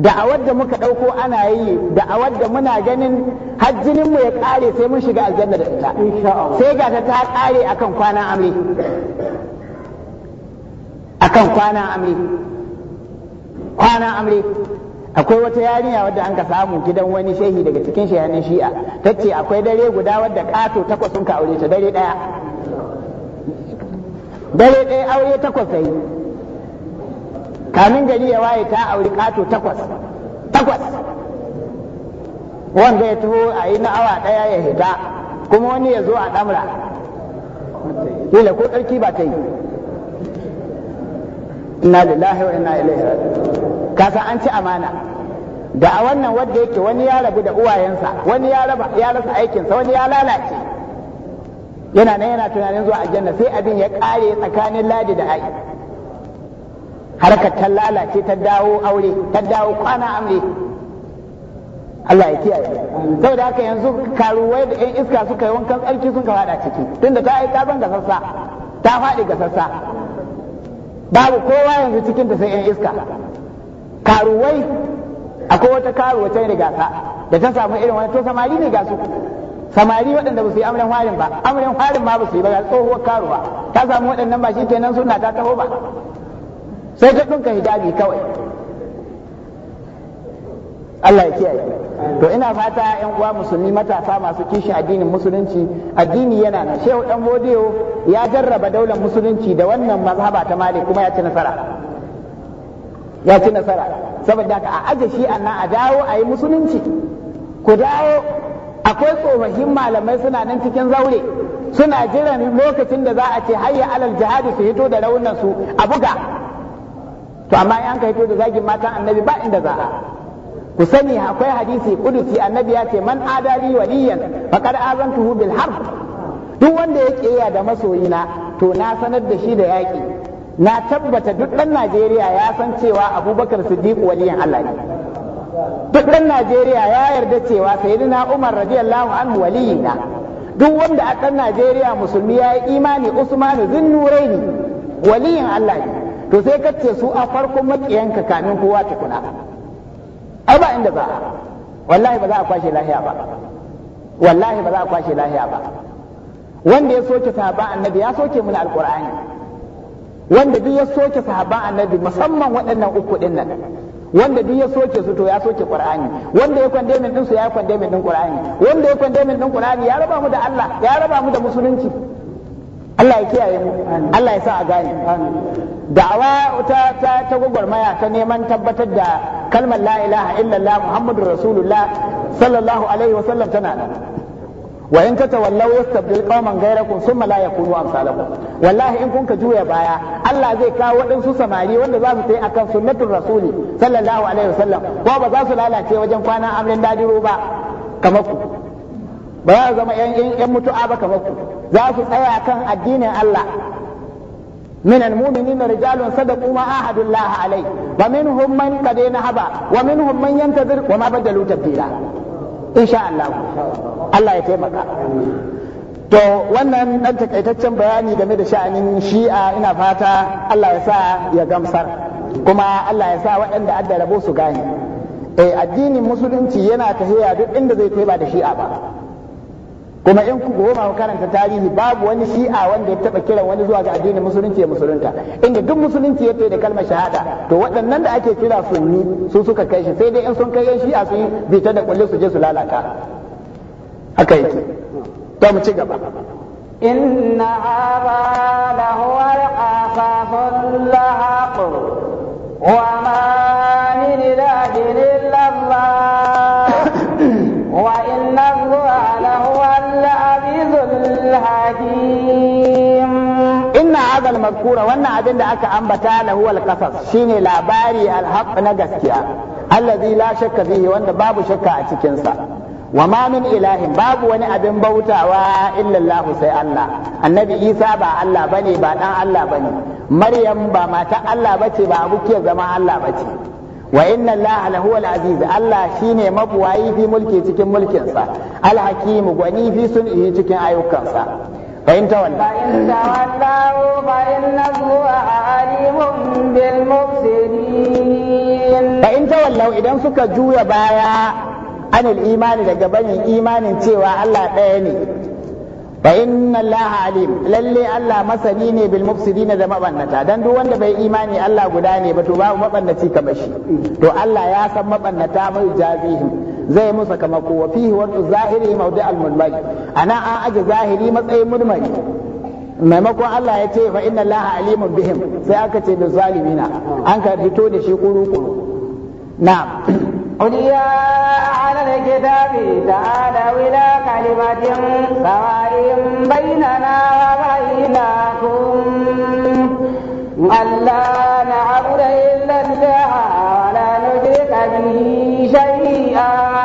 da'awar da muka ɗauko ana yi da'awar da muna ganin hajjinin mu ya ƙare sai mun shiga aljanna da ita sai ga ta ta ƙare akan kwana amri akan kwana amri kwana amri akwai wata yarinya wadda an ka samu gidan wani shehi daga cikin shehanin shi'a ta ce akwai dare guda wadda ƙato takwas sun ka aure ta dare ɗaya dare ɗaya aure takwas ta yi kamin gari ya waye ta auri kato takwas takwas wanda ya taho a yi na awa ɗaya ya hita kuma wani ya zo a ɗamra ila ko tsarki ba ta yi na lillahi wa ina ilaihi ka san an ci amana da a wannan wanda yake wani ya rabu da uwayensa wani ya raba ya rasa aikinsa wani ya lalace yana nan yana tunanin zuwa aljanna sai abin ya kare tsakanin ladi da ai harkar ta lalace ta dawo aure ta dawo kwana amre Allah ya kiyaye saboda haka yanzu karuwai da yan iska suka yi wankan tsarki sun ka fada ciki tunda ta yi kazan ga sassa ta faɗi ga sassa babu kowa yanzu cikin ta sai yan iska karuwai akwai wata karuwa ta riga ta da ta samu irin wani to samari ne ga su samari waɗanda ba su yi amren harin ba amren harin ma ba su yi ba ga tsohuwar karuwa ta samu waɗannan ba shi kenan suna ta taho ba sai ka dinka hijabi kawai Allah ya kiyaye to ina fata yan uwa musulmi matasa masu kishin addinin musulunci addini yana nan shehu dan bodiyo ya jarraba daular musulunci da wannan mazhaba ta malik kuma ya ci nasara ya ci nasara saboda ka a aje shi nan a dawo a yi musulunci ku dawo akwai tsofaffin malamai suna nan cikin zaure suna jiran lokacin da za a ce hayya alal jihadi su hito da raunan su a buga to amma in an to da zagin matan annabi ba inda za a ku sani akwai hadisi kudusi annabi ya ce man adali waliyan faqad azantuhu bil harb duk wanda ya kiyaye da masoyina to na sanar da shi da yaki na tabbata duk dan Najeriya ya san cewa Abubakar Siddiq waliyan Allah ne duk dan Najeriya ya yarda cewa sayyidina Umar radiyallahu anhu waliyina duk wanda a dan Najeriya musulmi ya yi imani Usman zinnurai ne waliyin Allah ne to sai ka ce su a farkon makiyanka kamin kowa kuna ai ba inda za a wallahi ba za a kwashe lahiya ba wallahi ba za a kwashe lahiya ba wanda ya soke sahaba annabi ya soke mun alqur'ani wanda duk ya soke sahaba annabi musamman waɗannan uku din nan wanda duk ya soke su to ya soke qur'ani wanda ya kwande min din su ya kwande min din qur'ani wanda ya kwande min din qur'ani ya raba mu da Allah ya raba mu da musulunci Allah ya kiyaye mu Allah ya sa a gane da'awa ta ta ta gwagwarmaya ta neman tabbatar da kalmar la ilaha illallah muhammadur rasulullah sallallahu alaihi wa sallam tana nan wa in tatawallaw yastabdil qauman ghayrakum thumma la yakunu amsalakum wallahi in kun ka juya baya Allah zai kawo waɗansu samari wanda za su tayi akan sunnatul rasuli sallallahu alaihi wa sallam ko ba za su lalace wajen kwana amrin dadiro ba kamar ku ba za zama yan yan mutu'a ba kamar ku za su tsaya kan addinin Allah من المؤمنين رجال صدقوا ما عاهدوا الله عليه ومنهم من قد نهب ومنهم من ينتظر وما بدلوا تبديلا إن شاء الله الله يتيمك to wannan dan takaitaccen bayani game da sha'anin shi'a ina fata Allah ya sa ya gamsar kuma Allah ya sa waɗanda adda rabo su gane eh addinin musulunci yana tahiya duk inda zai kai ba da shi'a ba kuma in ku goma ku karanta tarihi babu wani shi'a wanda ya taba kiran wani zuwa ga addinin musulunci ya musulunta inda duk musulunci ya da kalmar shahada to waɗannan da ake kira sunni su suka kai shi sai dai in sun kai yan shi'a su bi ta da kulli su je su lalata haka yake to mu ci gaba إن هذا لهو القصص الحق wa من إله إلا wa inna الله الرجيم إن هذا المذكور وأن أبن أك أنبتا له القصص شيني لاباري الحق نجسكيا الذي لا شك فيه وأن باب شك أتكنسا وما من إله باب وني أبن بوتا إلا الله سي الله النبي إيسا با الله بني با الله بني مريم با ما الله بتي با أبوكي زما الله بتي وإن الله لهو العزيز الله شيني مبواي في ملكي تكن ملكنسا الحكيم غني في سنئه تكن أيوكنسا فإن تولى فإن تولوا فإنه عليم بالمفسدين فإن تولوا إذا سك جويا بايا عن الإيمان لقبني إيمان تيوى الله تاني fa inna Allah alim lalle Allah masani ne bil mufsidina da mabannata dan duk wanda bai imani Allah guda ne ba to babu mabannaci kamar shi to Allah ya san mabannata mai jazihim zai musa kama ko wa fihi wa zahiri mawdi al mulmali ana an aje zahiri matsayin mulmali maimakon Allah ya ce fa inna Allah alimun bihim sai aka ce bi zalimina an ka fito da shi kuru kuru na'am قل يا أهل الكتاب تعالوا إلى كلمة سواء بيننا وبينكم ألا نعبد إلا الله ولا نشرك به شيئا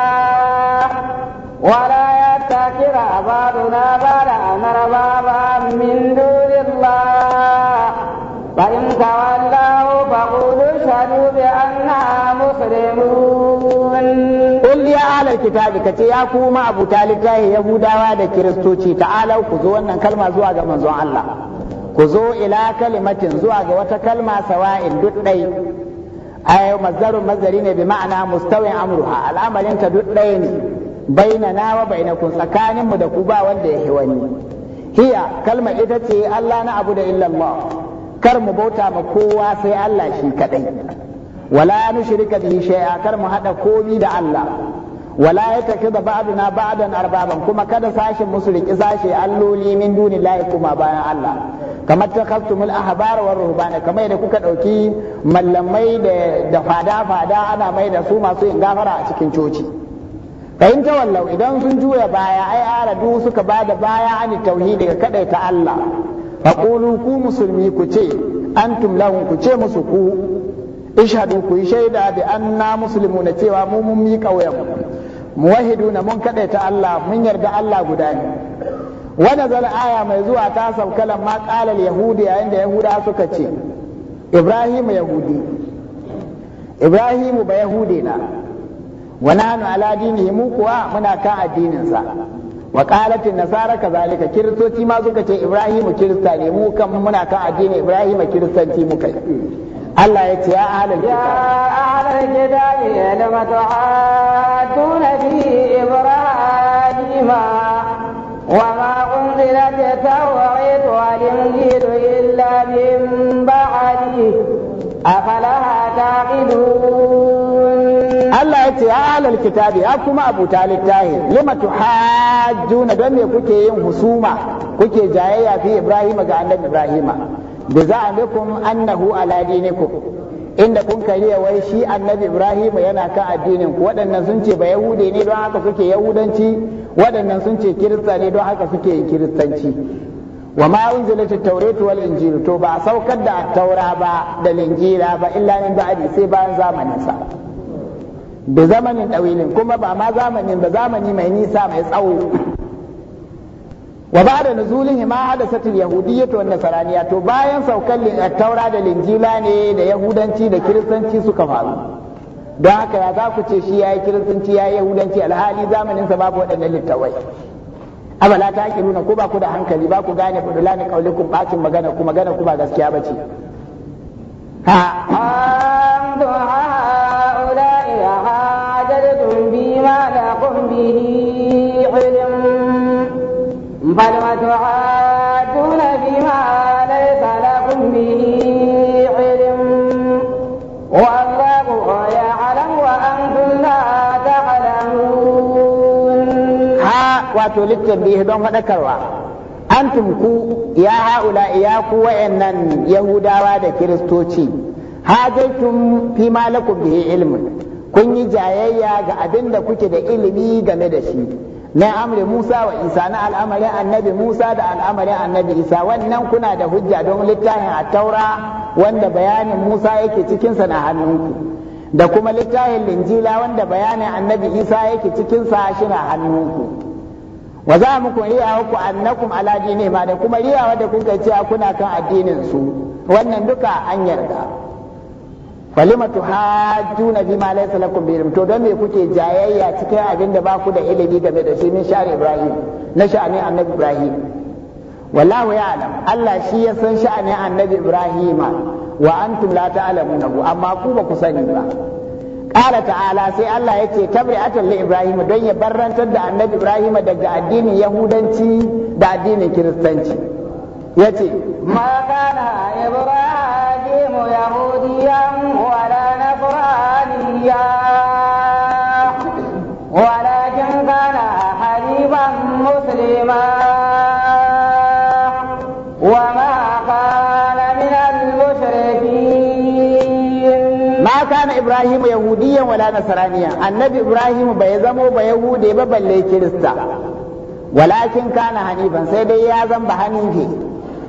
ولا يتكر بعضنا بلا أربابا من دون الله فإن تولوا فقولوا اشهدوا بأننا مسلمون Kulli ya alal ki taɗi ya kuma abu ta ya gudawa da kiristoci. Ta'ala ku zo wannan kalma zuwa ga manzon Allah. Ku zo ila-kalimatin zuwa ga wata kalma, sawa'in duk ɗaya. Aya mazarin mazari ne bi ma'ana Mustawir Amruhu, alamarinta duk ɗaya ne. Bai na nama bainakon tsakaninmu da ku ba wanda ya yi wani. Hiya kalma ita ce Allah na Abu da illallah. Kar mu bauta ma kowa sai Allah shi kaɗai. wala ya bihi shay'a kar mu hada komi da Allah wala ya yatakida ba'duna ba'dan arbaban kuma kada sashin musulki sashe alloli min dunillahi kuma bayan Allah kamar takhasumul ahbar war ruhbana kamar da kuka ɗauki mallamai da da fada fada ana mai da su masu yin gafara a cikin coci kayin tawallau idan sun juya baya ai aradu suka bada baya ani tauhidi ga ta Allah faqulu ku musulmi ku ce antum lahum ku ce musu ku ishadu ku yi shaida bi anna na cewa mu mun mi kauyen na mun ta Allah mun yarda Allah guda ne wani zala aya mai zuwa ta saukalan ma qalal yahudi yayin da yahuda suka ce ibrahim yahudi ibrahim ba yahudi na Wani hannu ala mu kuwa muna kan addinin sa wa qalat nasara kazalika kiristoci ma suka ce ibrahim kirista ne mu kan muna kan addinin ibrahim kiristanci muka yi Allah ya ce ya ahlal kitab ya ahlal kitab lama tu'aduna fi ibrahim wa ma unzilat tawrat wa injil illa min ba'di afala taqilun Allah kuma a buta lama tuhajjuna don me kuke yin husuma kuke jayayya fi ibrahim ga annabi ibrahim bi za'amikum annahu ala inda kun kariya wai shi annabi ibrahim yana kan addinin ku waɗannan sun ce ba yahudi ne don haka suke yahudanci waɗannan sun ce kirista ne don haka suke kiristanci wa ma unzilat at wal injil to ba saukar da taura ba da injila ba illa min ba'di sai bayan zamanin sa da zamanin dawilin kuma ba ma zamanin ba zamani mai nisa mai tsawo wa ba da nuzulin ma hadasat al-yahudiyyah wa nasaraniya to bayan saukan taura da linjila ne da yahudanci da kiristanci suka faru don haka ya za ku ce shi yayi kiristanci yayi yahudanci alhali zamanin sa babu waɗannan littawai abala ta nuna ko ba ku da hankali ba ku gane fudulani qaulukum bakin magana ku magana ku ba gaskiya bace ha bihi wato littanbih don faɗakarwa antum ku ya haula ya ku wa'annan yahudawa da kiristoci hajaitum fi malakum lakum bihi kun yi jayayya ga abin da kuke da ilimi game da shi na amri Musa wa Isa na al'amarin annabi Musa da al'amarin annabi Isa wannan kuna da hujja don littafin at-taura wanda bayanin Musa yake cikinsa na hannunku da kuma littafin linjila wanda bayanin annabi Isa yake cikinsa shi na hannunku wa za mu kun riya ku annakum ala dini ma da kuma riya wanda kun kai cewa kuna kan addinin su wannan duka an yarda falima tuhajjuna fi ma laysa lakum bi to don me kuke jayayya cikin abin da ba ku da ilimi game da shi min sha'ani ibrahim na sha'ani annabi ibrahim wallahu ya'lam Allah shi ya san sha'ani annabi Ibrahim wa antum la ta'lamuna amma ku ba ku sani ba ala ta'ala sai Allah ya ce tabri'atan li Ibrahim don ya barantar da annabi Ibrahim daga addinin Yahudanci da addinin Kiristanci. Ya ce, Ma kana Ibrahim Yahudiyan wala Nasraniya walakin kana haliban ibrahim yahudiyan wala nasraniya annabi ibrahim bai zamo ba yahude ba balle kirista walakin kana hanifan sai dai ya zan ba hanifi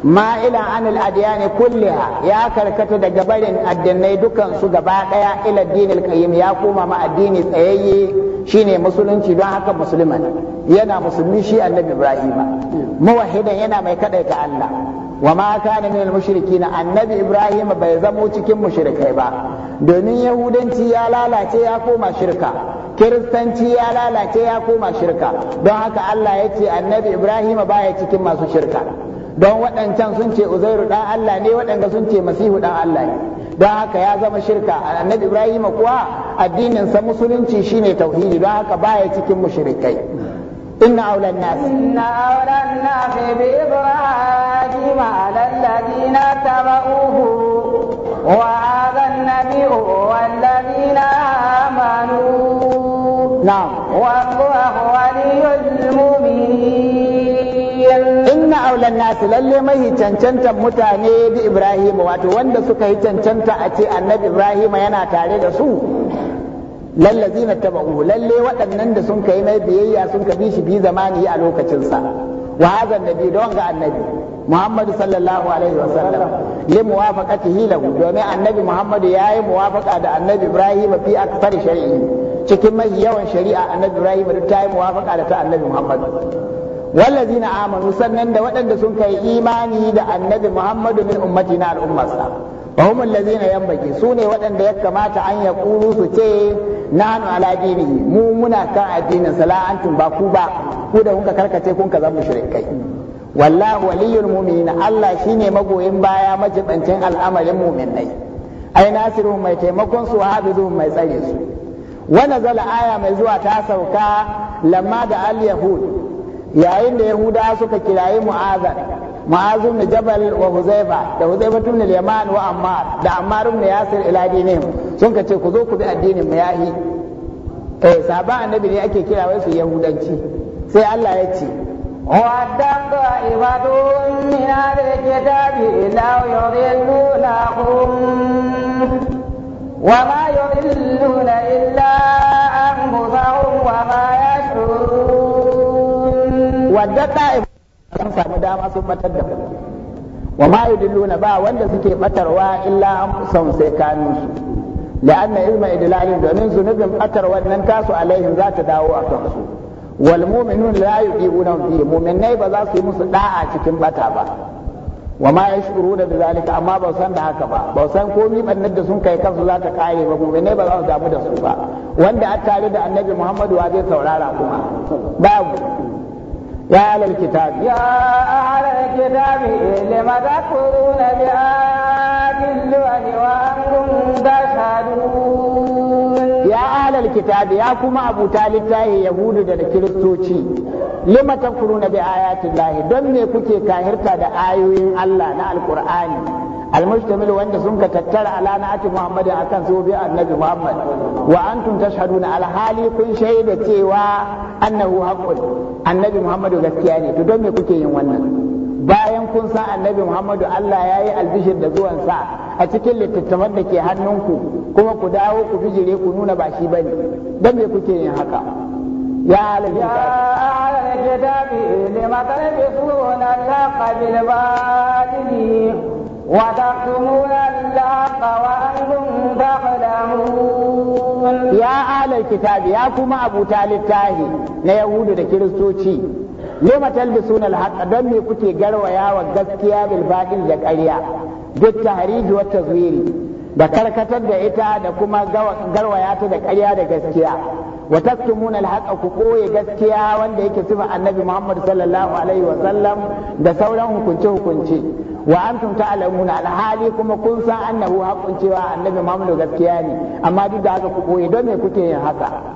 ma'ila an al-adyan kulliha ya karkata daga barin addinai dukan su gaba daya ila dinil qayyim ya koma ma addini tsayayye shine musulunci don haka musulman yana musulmi shi annabi ibrahim muwahhidan yana mai kadaita Allah wa ma kana minal mushrikin annabi ibrahim bai zamo cikin mushrikai ba domin yahudanci ya lalace ya koma shirka kiristanci ya lalace ya koma shirka don haka Allah ya ce annabi Ibrahim baya cikin masu shirka don waɗancan sun ce uzairu ɗan Allah ne waɗanda sun ce masihu ɗan Allah ne don haka ya zama shirka annabi Ibrahim kuwa addinin sa musulunci shine tauhidi don haka baya cikin mushrikai إن أولى الناس إن أولى الناس بإبراهيم على الذين تبعوه وعلى يكافئوا الذين آمنوا نعم والله ولي المؤمنين inna aula nas lalle mai cancanta mutane bi ibrahim wato wanda suka yi cancanta a ce annabi ibrahim yana tare da su lallazina tabu lallai waɗannan da sun kai mai biyayya sun ka bi shi bi zamani a lokacinsa sa wa hadha nabi don ga annabi Muhammadu sallallahu alaihi wa sallam li muwafaqatihi lahu domin annabi Muhammad yayi muwafaka da annabi Ibrahim fi akthar shari'i cikin mai yawan shari'a annabi Ibrahim duk ta yi muwafaqa da ta annabi Muhammad wallazina amanu sannan da waɗanda sun kai imani da annabi Muhammad min ummati na al'ummarsa wa hum allazina yanbaghi su ne waɗanda ya kamata an ya kuru su ce nahnu ala dinihi mu muna kan addinin sala antum ba ku ba ku da kun karkace kun ka zama mushrikai wallahu waliyul mu'minin Allah shine magoyin baya majibancin al'amarin mu'minai ai nasiru mai taimakon su hafizu mai tsare su wa nazala aya mai zuwa ta sauka lamma da al yahud yayin da yahuda suka kirayi mu'azan mu'azu ne jabal wa huzaifa da huzaifa ibn al-yaman wa da ammar ibn yasir ila dinihim sun ka ce ku zo ku bi addinin mu yahi eh sahaba annabi ne ake kira su yahudanci sai Allah ya ce ودم طائفة من أهل الكتاب لو يضلونهم وما يضلون إلا أنفسهم وما يشعرون ودم طائفة sun samu dama sun batar da wa ma yudilluna ba wanda suke batarwa illa anfusahum sai kanu su la'anna ilma idlalin domin zunubin batar wannan tasu za ta dawo a kansu wal mu'minun la yuqibuna fi mu'minai ba za su yi musu da'a cikin bata ba wa ma yashkuruna da zalika amma ba san da haka ba ba san komi bannar da sun kai kansu za ta kare ba mu'minai ba za su damu da su ba wanda a tare da annabi Muhammadu wa zai saurara kuma babu يا أهل الكتاب يا أهل ahlal kitabi ya kuma abuta littahi yahudu da kiristoci lima takfuruna bi ayatin lahi don me kuke kahirta da ayoyin Allah na alqur'ani almustamil wanda sun ka tattara ala na'ati muhammad akan su bi annabi muhammad wa antum tashhaduna alhali kun shaida cewa annahu haqqun annabi muhammadu gaskiya ne to don me kuke yin wannan bayan kun san annabi Muhammadu Allah ya yi albishir da zuwansa a cikin littattafan da ke hannunku kuma ku dawo ku bijire ku nuna ba shi bane dan me kuke yin haka ya kitabi ya kitabi ya kuma abu talittahi na yahudu da kiristoci lima talbisuna al-haqq dan me kuke garwaya wa gaskiya bil batil da ƙarya duk tahrij wa tazwiri da karkatar da ita da kuma garwaya ta da ƙarya da gaskiya wa taktumuna al ku koye gaskiya wanda yake sifa annabi Muhammad sallallahu alaihi wa sallam da sauran hukunce hukunce wa antum ta'lamuna na hali kuma kun san annahu haqqun cewa annabi Muhammad gaskiya ne amma duk da haka ku koye don me kuke yin haka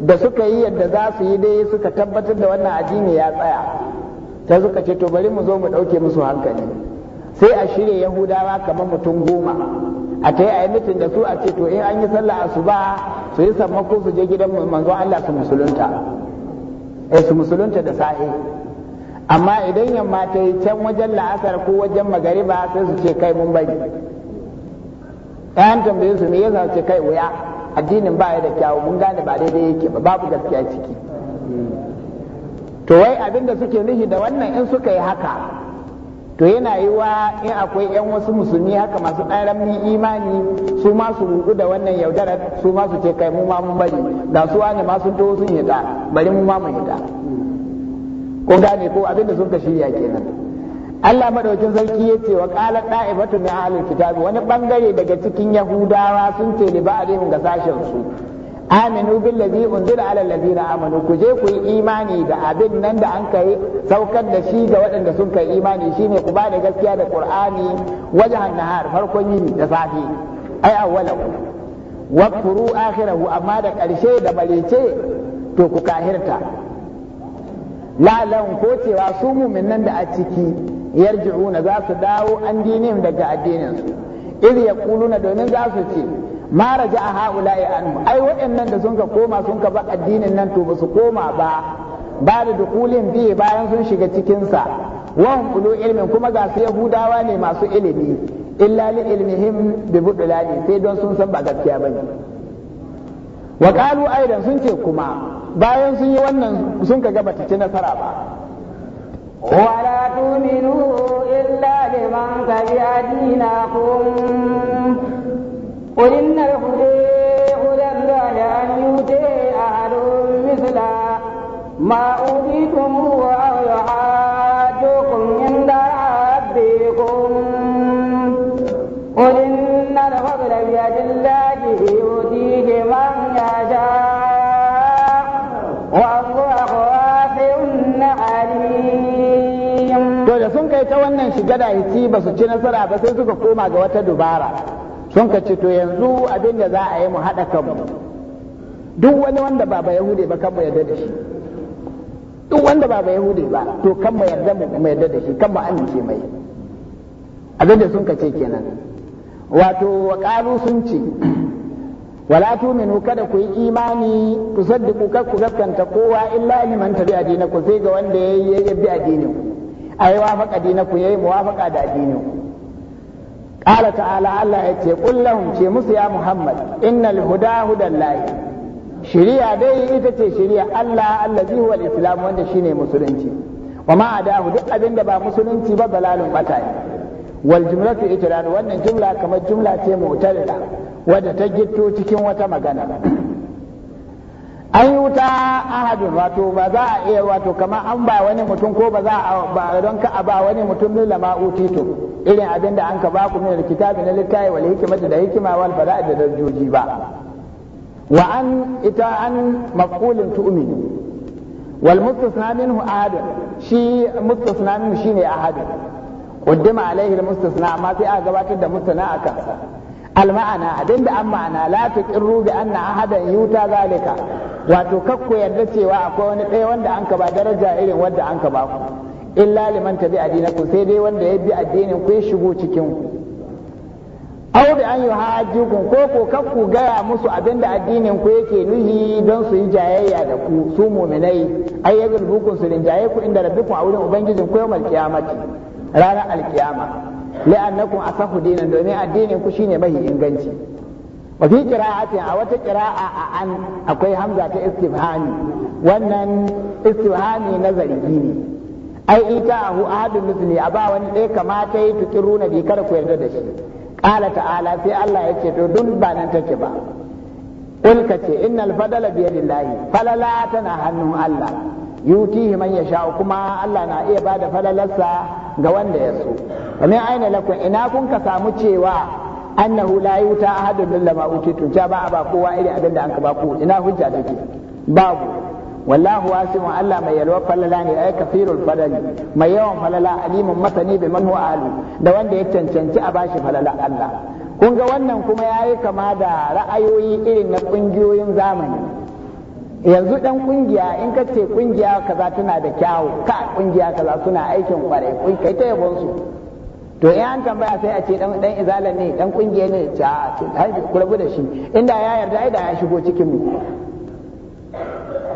da suka yi yadda za su yi dai suka tabbatar da wannan addini ya tsaya ta suka ce to bari mu zo mu ɗauke musu hankali sai a shirya yahudawa kamar mutum goma a ta yi a yi da su a ce to in an yi sallah a su yi sammako su je gidan manzo Allah su musulunta eh su musulunta da sa'i amma idan yamma ta yi can wajen la'asar ko wajen magariba sai su ce kai mun bari ɗayan tambaye su me yasa ce kai wuya addinin ba ya da kyawu mun gane ba daidai yake ba babu gaskiya ciki to wai abin da suke nufi da wannan in suka yi haka to yana yi wa in akwai 'yan wasu musulmi haka masu ɗan imani su ma su rudu da wannan yaudarar su ma su ce kai mu ma mun bari ga su wani ma sun to sun hita bari mu ma mu hita ko gane ko abin da suka shirya kenan Allah madaukin sarki ya ce wa qala da'ibatu min ahlil kitabi wani bangare daga cikin yahudawa sun ce li ba'dihim ga sashen su aminu bil ladhi unzila ala alladhina amanu ku je ku yi imani da abin nan da an kai saukar da shi ga waɗanda sun kai imani shine ku ba da gaskiya da qur'ani wajhan nahar farkon yini da safi ai awwalahu wa quru akhirahu amma da ƙarshe da malece to ku kahirta la'lan ko cewa su mu'minan da a ciki yarji'una za su dawo an dinin daga addinin su ya na domin za su ce ma a haula'i an ai waɗannan da sun ka koma sun ka ba addinin nan to ba su koma ba ba da dukulin biye bayan sun shiga cikin sa wa kulu ilmin kuma ga su yahudawa ne masu ilimi illa li ilmihim bi budulani sai don sun san ba gaskiya bane wa qalu aidan sun ce kuma bayan sun yi wannan sun ka gaba ci nasara ba ولا تؤمنوا إلا لمن تبع دينكم قل إن الهدى هدى الله أن يؤتي أحد مثل ما أوتيتم أو يحاجوكم عند ربكم قل إن الفضل بيد الله يؤتيه من يشاء والله واسع عليم to da sun kai ta wannan shiga da yaci ba su ci nasara ba sai suka koma ga wata dubara sun ka ce to yanzu abin da za a yi mu haɗa kanmu duk wani wanda ba ba yahude ba kan mu yarda da shi duk wanda ba ba yahude ba to kan mu yarda mu yarda da shi kan mu amince mai abin da sun ka ce kenan wato wa sun ce wala tuminu kada ku yi imani ku saddiku ku gaskanta kowa illa liman tabi ku. sai ga wanda ya yi bi addinin ku ai wafaqa dinaku yayi muwafaqa da addinin ku qala ta'ala Allah ya ce qul lahum ce musu ya Muhammad innal huda hudallahi shari'a dai ita ce shari'a Allah allazi huwa islam wanda shine musulunci wa ma adahu duk abinda ba musulunci ba balalun bata ne wal jumlatu itirad wannan jumla kamar jumla ce mu'tarida wadda ta gitto cikin wata magana an yi wuta ahadin wato ba za a iya wato kamar an ba wani mutum ko ba za a ba don ka a ba wani mutum min lama utito irin abin da an ka ba ku min kitabi na littafi wal hikmati da hikima wal fara'a da darjoji ba wa an ita an maqulun tu'minu wal mustasna minhu ahadun shi mustasna minhu shine ahadun قدم عليه المستثنى ما في أجابات المستثنى أكثر المعنى abinda an ma'ana la tuqirru bi anna ahadan yuta zalika wato kakku yarda cewa akwai wani ɗaya wanda an ka daraja irin wanda an ka ba ku illa liman bi adinaku sai dai wanda ya bi addinin ku ya shigo cikin ku aw bi an yuhajjukum ko ko kakku gaya musu abinda addinin ku yake nuhi don suyi jayayya da ku su mu'minai ay yazrubukum su rinjaye ku inda rabbikum a wurin ubangijin ku yawmal qiyamati ranar alkiyama li'annakum asahu dinan domin addinin ku shine mahi inganci wa fi ce a wata qira'a a an akwai hamza ta istifhami wannan istifhami na zargi ne ai ita hu ahadu mithli a ba wani dai kamata yi tukiruna bi kada ku yarda da shi qala ta'ala sai Allah ya ce to dun ba nan take ba qul kace innal fadala bi yadillahi falala tana hannun Allah yutihi man yasha kuma Allah na iya bada falalarsa ga wanda ya so kamar aina lakun ina kun ka samu cewa annahu la yuta ahadun lilla ma utitu ja ba ba kowa irin abinda da an ka ba ku ina hujja take babu wallahu wasimu Allah mai yalwa falala ne ay kafirul fadali mai yawan falala alimun masani bi man huwa alu da wanda ya cancanci a bashi falala Allah kun ga wannan kuma yayi kama da ra'ayoyi irin na kungiyoyin zamani yanzu ɗan ƙungiya in ka ce ƙungiya kaza tana da kyawu ka ƙungiya kaza suna aikin ƙware kai ta yabon su to in an tambaya sai a ce ɗan izala ne ɗan ƙungiya ne ta har ku rabu da shi inda ya yarda da ya shigo cikin mu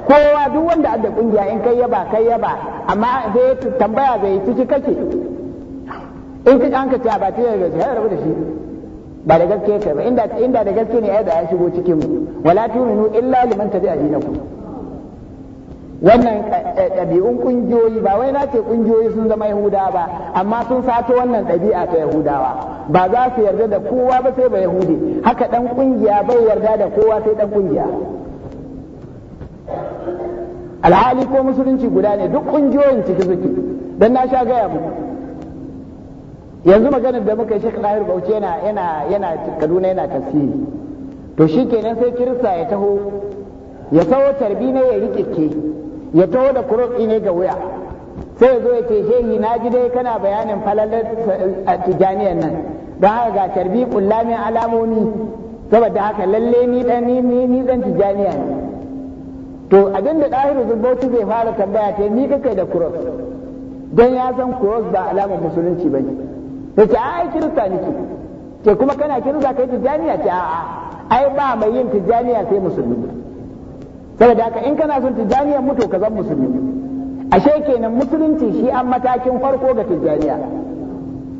kowa duk wanda da ƙungiya in kai yaba kai yaba amma zai tambaya zai ciki kake in ka an ka ce ba ta yarda rabu da shi ba da gaske kai ba inda inda da gaske ne ai da ya shigo cikin wala tuminu illa liman tabi'a dinakum wannan ɗabi'un ƙungiyoyi ba wai na ce ƙungiyoyi sun zama Yahudawa ba amma sun sato wannan ɗabi'a ta yahudawa ba za su yarda da kowa ba sai ba yahudi haka ɗan ƙungiya bai yarda da kowa sai ɗan ƙungiya alhali ko musulunci guda ne duk kungiyoyin ciki suke don na sha gaya muku yanzu maganar da muka yi shekul ahir bauchi yana yana kaduna yana tafsiri to shi kenan sai kirista ya taho ya taho tarbi ne ya rikike ya taho da kurotsi ne ga wuya sai ya zo ya ce shehi na ji dai kana bayanin falalar a eh, tijaniyar nan don haka ga tarbi kullamin alamomi saboda haka lalle ni dan ni dan tijaniya ne to abinda da dahiru zubautu zai fara tambaya ta ni kakai da kuros don ya san kuros ba alamar musulunci ba ne. yace ai kirista nake ce kuma kana kirista kai tijaniya ce a'a ai ba mai yin Tijjaniya sai musulmi saboda haka in kana son Tijjaniya mutu ka zan musulmi ashe kenan musulunci shi an matakin farko ga Tijjaniya.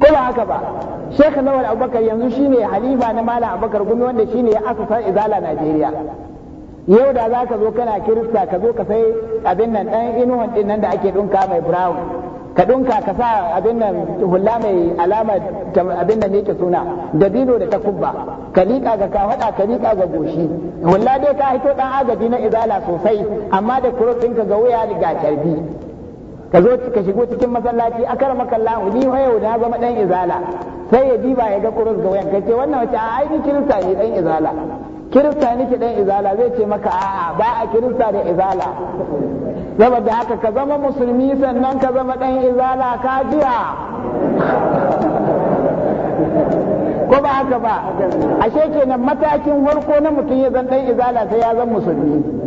ko ba haka ba Sheikh Lawal Abubakar yanzu shine halifa na Malam Abubakar Gumi wanda shine ya asasa Izala Najeriya yau da za ka zo kana kirista ka zo ka sai abin nan ɗan inuwan ɗin nan da ake dunka mai brown ka ɗunka ka sa abin nan hulla mai alama abin nan yake suna dabino da takubba ka liƙa ga kafaɗa ka liƙa ga goshi hula dai ka hito ɗan agaji na izala sosai amma da kuro ka ga wuya ga carbi ka zo ka shigo cikin masallaci akar makallahu ni yau na zama ɗan izala sai ya diba ya ga kurus ga wayan kace wannan wace ai ni kirista ne dan izala kirista nake dan izala zai ce maka a'a ba a kirista da izala saboda haka ka zama musulmi sannan ka zama dan izala ka jiya ko ba haka ba ashe kenan matakin farko na mutum ya zan dan izala sai ya zama musulmi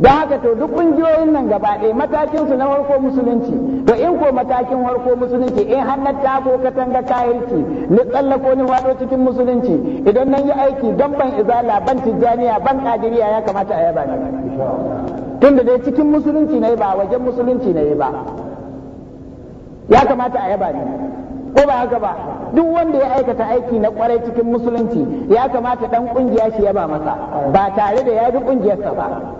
don haka to duk kungiyoyin nan gaba ɗaya matakin su na warko musulunci to in ko matakin warko musulunci in hannar ta ko katanga kayarci ni tsallako ni wado cikin musulunci idan nan yi aiki don ban izala ban tijjaniya ban kadiriya ya kamata a yaba ni tunda dai cikin musulunci na yi ba wajen musulunci na yi ba ya kamata a yaba ni ko ba haka ba duk wanda ya aikata aiki na kwarai cikin musulunci ya kamata dan kungiya shi ya ba masa ba tare da ya bi kungiyarsa ba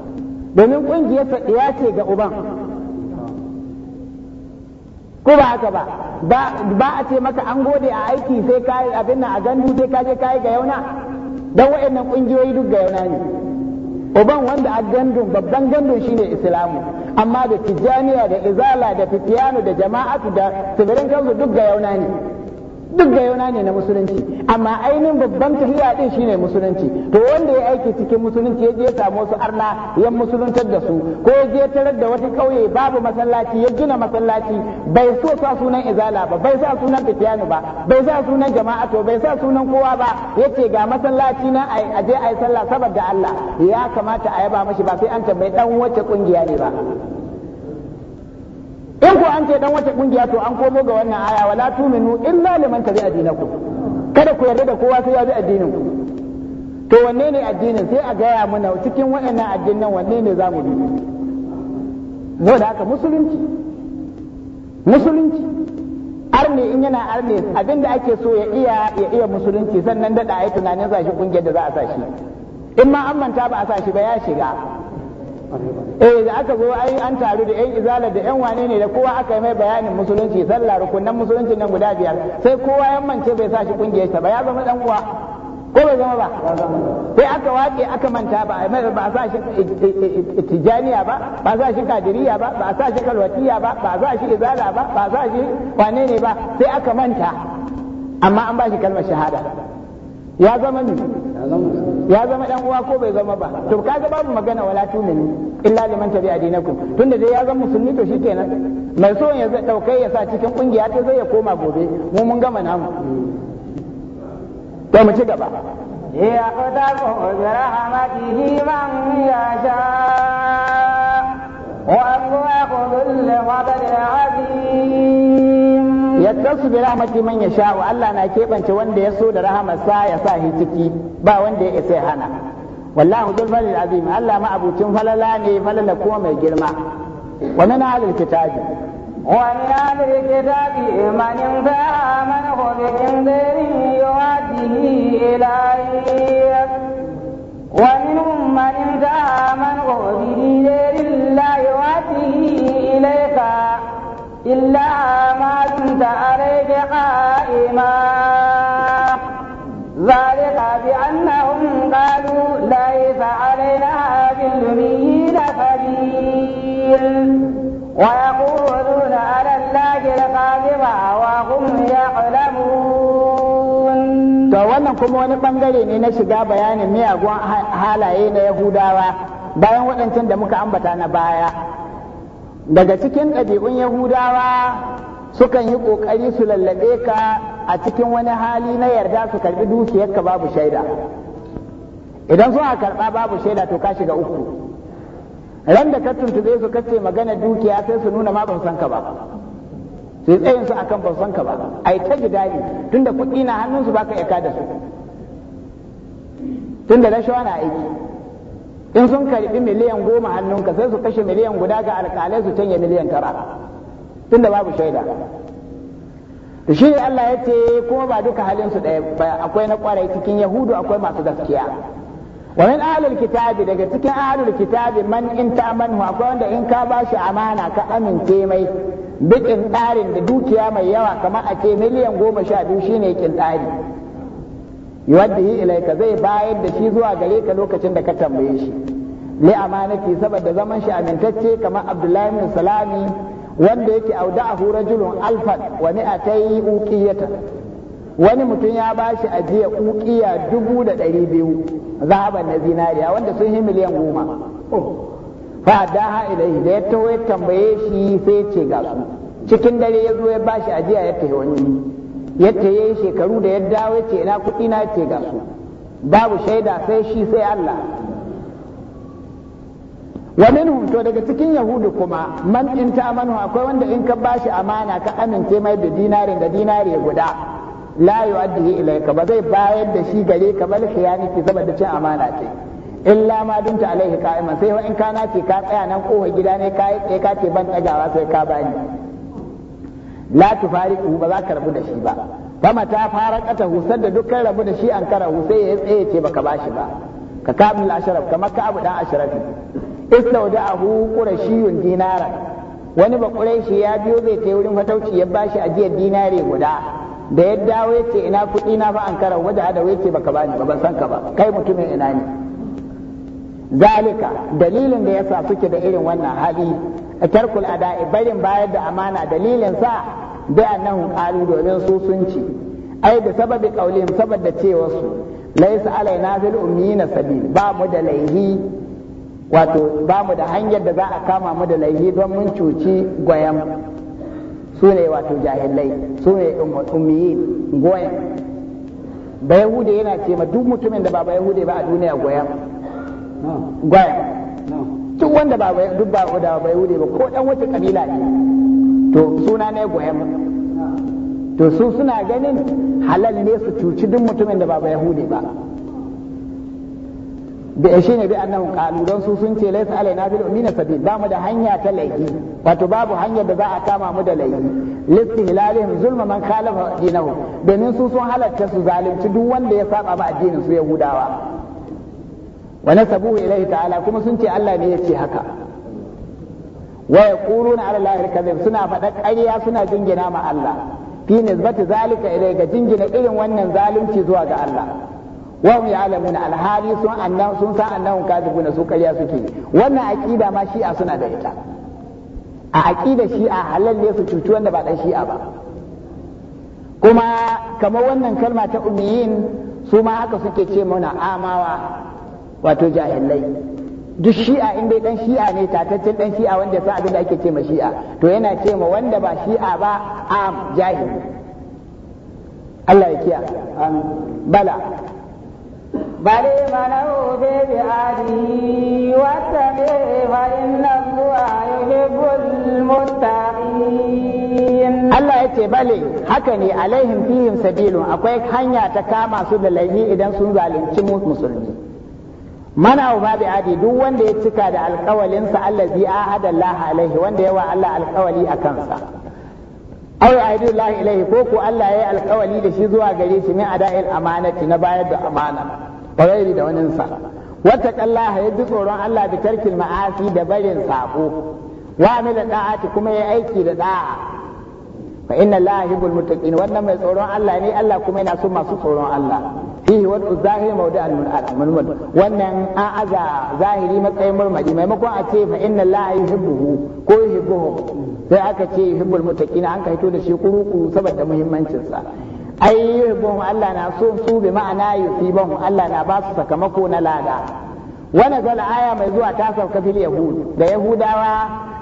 domin ta ɗaya ce ga uban ko ba haka ba ba a ce maka an gode a aiki sai kayi abin nan a gandu sai ka je kayi ga yauna dan waɗannan ƙungiyoyi duk ga yauna ne uban wanda a gandun babban gandun shine islamu amma da tijjaniya da izala da fitiyanu da jama'atu da tsibirin kansu duk ga yauna ne duk gayyona ne na musulunci amma ainihin babban tahiya din shine musulunci to wanda ya aiki cikin musulunci ya je samu wasu arna ya musuluntar da su ko ya je tarar da wata kauye babu masallaci ya gina masallaci bai so sa sunan izala ba bai sa sunan fitiyanu ba bai sa sunan jama'a to, bai sa sunan kowa ba ya ce ga masallaci na a je a yi sallah saboda Allah ya kamata a yaba mashi ba sai an tambayi dan wacce kungiya ne ba in ko an ce dan wace kungiya to an komo ga wannan aya wala tuminu illa liman tabi dinakum kada ku yarda da kowa sai ya bi addinin ku to wanne ne addinin sai a gaya mana cikin waɗannan addinan wanne ne zamu bi zo da haka musulunci musulunci arne in yana arne abinda ake so ya iya ya iya musulunci sannan dada ayi tunanin shi kungiyar da za a sashi in ma an manta ba a sa shi ba ya shiga eh da aka zo ai an taru da yan izala da yan wane ne da kowa aka yi mai bayanin musulunci sallah rukunan musulunci nan guda biyar sai kowa ya mance bai sa shi kungiyar ta ba ya zama dan uwa ko bai zama ba sai aka waƙe aka manta ba ba sa shi tijaniya ba ba sa shi kadiriya ba ba sa shi kalwatiya ba ba sa shi izala ba ba sa shi wane ne ba sai aka manta amma an ba shi kalmar shahada ya zama ne ya zama dan uwa ko bai zama ba to kaga babu magana wala tunani illa liman tabi adinakum tunda dai ya zama musulmi to shikenan mai so ya daukai ya sa cikin kungiya ta zai ya koma gobe mu mun gama namu to mu ci gaba Ya يقدم برحمته wa يشاء والله ذو الفضل العظيم yakhtassu bi rahmati man yasha wa Allah na keɓance wanda ya so da rahamarsa ya sa shi ciki ba wanda ya isa hana wallahu dul falal azim Allah ma abucin falala ne falala kuma mai girma wa min ahlil kitabi wa min ahlil kitabi man yanfa'a man hu bi indiri yu'adihi ilayhi wa minhum man yanfa'a man hu bi dinillahi إلا ما كنت عليه قائما ذلك بأنهم قالوا ليس علينا بالأميين سبيل ويقولون على الله الكاذب وهم يعلمون to wannan kuma wani bangare ne na shiga bayanin miyagun halaye na Yahudawa bayan waɗancan da muka ambata na baya daga cikin ɗabi'un yahudawa sukan yi ƙoƙari su lallaɓe ka a cikin wani hali na yarda su karɓi dukiyarka babu shaida idan suna karɓa babu shaida to ka shiga uku ran da ka tuntube su kace magana dukiya sai su nuna ma ban san ka ba sai tsayin su akan ban san ka ba ai ta gidali tunda kuɗi na hannunsu baka yaka da su tunda rashawa na aiki in sun karɓi miliyan goma hannunka sai su kashe miliyan guda ga alkalai su canye miliyan tara tunda babu shaida to shi Allah ya ce kuma ba duka halin su ɗaya ba akwai na kwarai cikin yahudu akwai masu gaskiya wa min ahlul kitabi daga cikin ahlul kitabi man in ta'manu akwai wanda in ka ba shi amana ka amince mai bikin tsarin da dukiya mai yawa kamar a ce miliyan goma sha biyu shine kin tsari yi ilaika zai bayar da shi zuwa gare ka lokacin da ka tambaye shi li amanati saboda zaman shi amintacce kamar abdullahi bin salami wanda yake auda'ahu rajulun alfan wa mi'atai uqiyata wani mutum ya ba shi ajiya uqiya dubu da ɗari biyu zahaban na zinariya wanda sun yi miliyan goma fa daha ilaihi da ya taho ya tambaye shi sai ce ga su cikin dare ya zo ya ba bashi ajiya ya tafi wani yadda ya yi shekaru da ya dawo ce ina kuɗi na ce ga su babu shaida sai shi sai Allah wa hu to daga cikin yahudu kuma man in ta amanu akwai wanda in ka bashi amana ka amince mai da dinarin da dinari guda la yu'addihi ilayka ba zai bayar da shi gare ka bal khiyanati saboda cin amana ce illa ma dunta alaihi qa'iman sai in kana ce ka tsaya nan kofar gida ne ka ka ce ban tsagawa sai ka bani la tufariquhu ba za ka rabu da shi ba fama ta fara kata husar da dukkan rabu da shi an kara husai ya tsaye ce baka bashi ba ka kabul asharaf kamar ka abu dan asharafi istawda'ahu qurashiyun dinara wani ba quraishi ya biyo zai kai wurin fatauci ya bashi ajiyar dinare guda da ya dawo yace ina kuɗi na fa an kara wada da yace baka bani ba ban san ka ba kai mutumin ina ne zalika dalilin da yasa suke da irin wannan hali tarkul ada'i barin bayar da amana dalilin sa bi annahum qalu domin su sun ci ai da sababi qaulihim saboda cewa su laysa alaina fil ummiyina sabil ba mu da laihi wato ba mu da hanyar da za a kama mu da laihi don mun cuci goyam su ne wato jahilai su ne um, ummiyi goyam ba yahude yana ce ma duk mutumin da ba ba yahude ba a duniya goyam goyam duk wanda ba duk da ba yahude ba ko dan wata kabila ne to suna ne goyon to su suna ganin halal ne su cuci duk mutumin da ba ba yahudi ba da shi ne bi annahum qalu don su sun ce laysa alaina bil umina sabil ba mu da hanya ta laifi wato babu hanyar da za a kama mu da laifi listihlalihim zulma man khalafa dinahu domin su sun halatta su zalunci duk wanda ya saba ba addinin su yahudawa wa nasabuhu ilayhi ta'ala kuma sun ce Allah ne ya ce haka wa yaquluna ala allahi kadhib suna faɗa ƙarya suna jingina ma Allah fi nisbati zalika ilai ga jingina irin wannan zalunci zuwa ga Allah wa hum ya'lamuna alhali sun annan sun san annahum kadhibuna su ƙarya suke wannan aqida ma shi'a suna da ita a aqida shi'a halal ne su cuci wanda ba dan shi'a ba kuma kamar wannan kalma ta ummiyin su ma haka suke ce mana amawa wato jahilai duk shi'a in dai dan shi'a ne tataccen dan shi'a wanda sa abin da ake ce ma shi'a to yana ce ma wanda ba shi'a ba am jahili Allah ya kiya bala بل من أوفي بعهده واتقي inna huwa yuhibbul muttaqin Allah ya ce bale haka ne alaihim fihim sabilun akwai hanya ta kama su da laifi idan sun zalunci musulmi Mana au ba adi duk wanda ya cika da alƙawalin sa allazi ahada Allah alaihi wanda yawa Allah alkawali a kansa aw aidu Allah ilaihi ko ko Allah yayi alkawali da shi zuwa gare shi min ada'il amanati na bayar da amana ba da wani sa wata kallaha ya ji tsoron Allah da tarkil ma'asi da barin sako wa amila da'ati kuma ya aiki da da'a fa inna Allah yuhibbul muttaqin wannan mai tsoron Allah ne Allah kuma yana so masu tsoron Allah fihi wadu zahiri mawdu'an mulmud wannan an aza zahiri matsayin murmadi maimakon a ce fa inna la yuhibbuhu ko yuhibbuhu sai aka ce yuhibbul muttaqina an fito da shi kuruku saboda muhimmancin sa ai yuhibbuhum Allah na so su bi ma'ana yusibahu Allah na ba su sakamako na lada wannan zal aya mai zuwa ta sauka fil yahud da yahudawa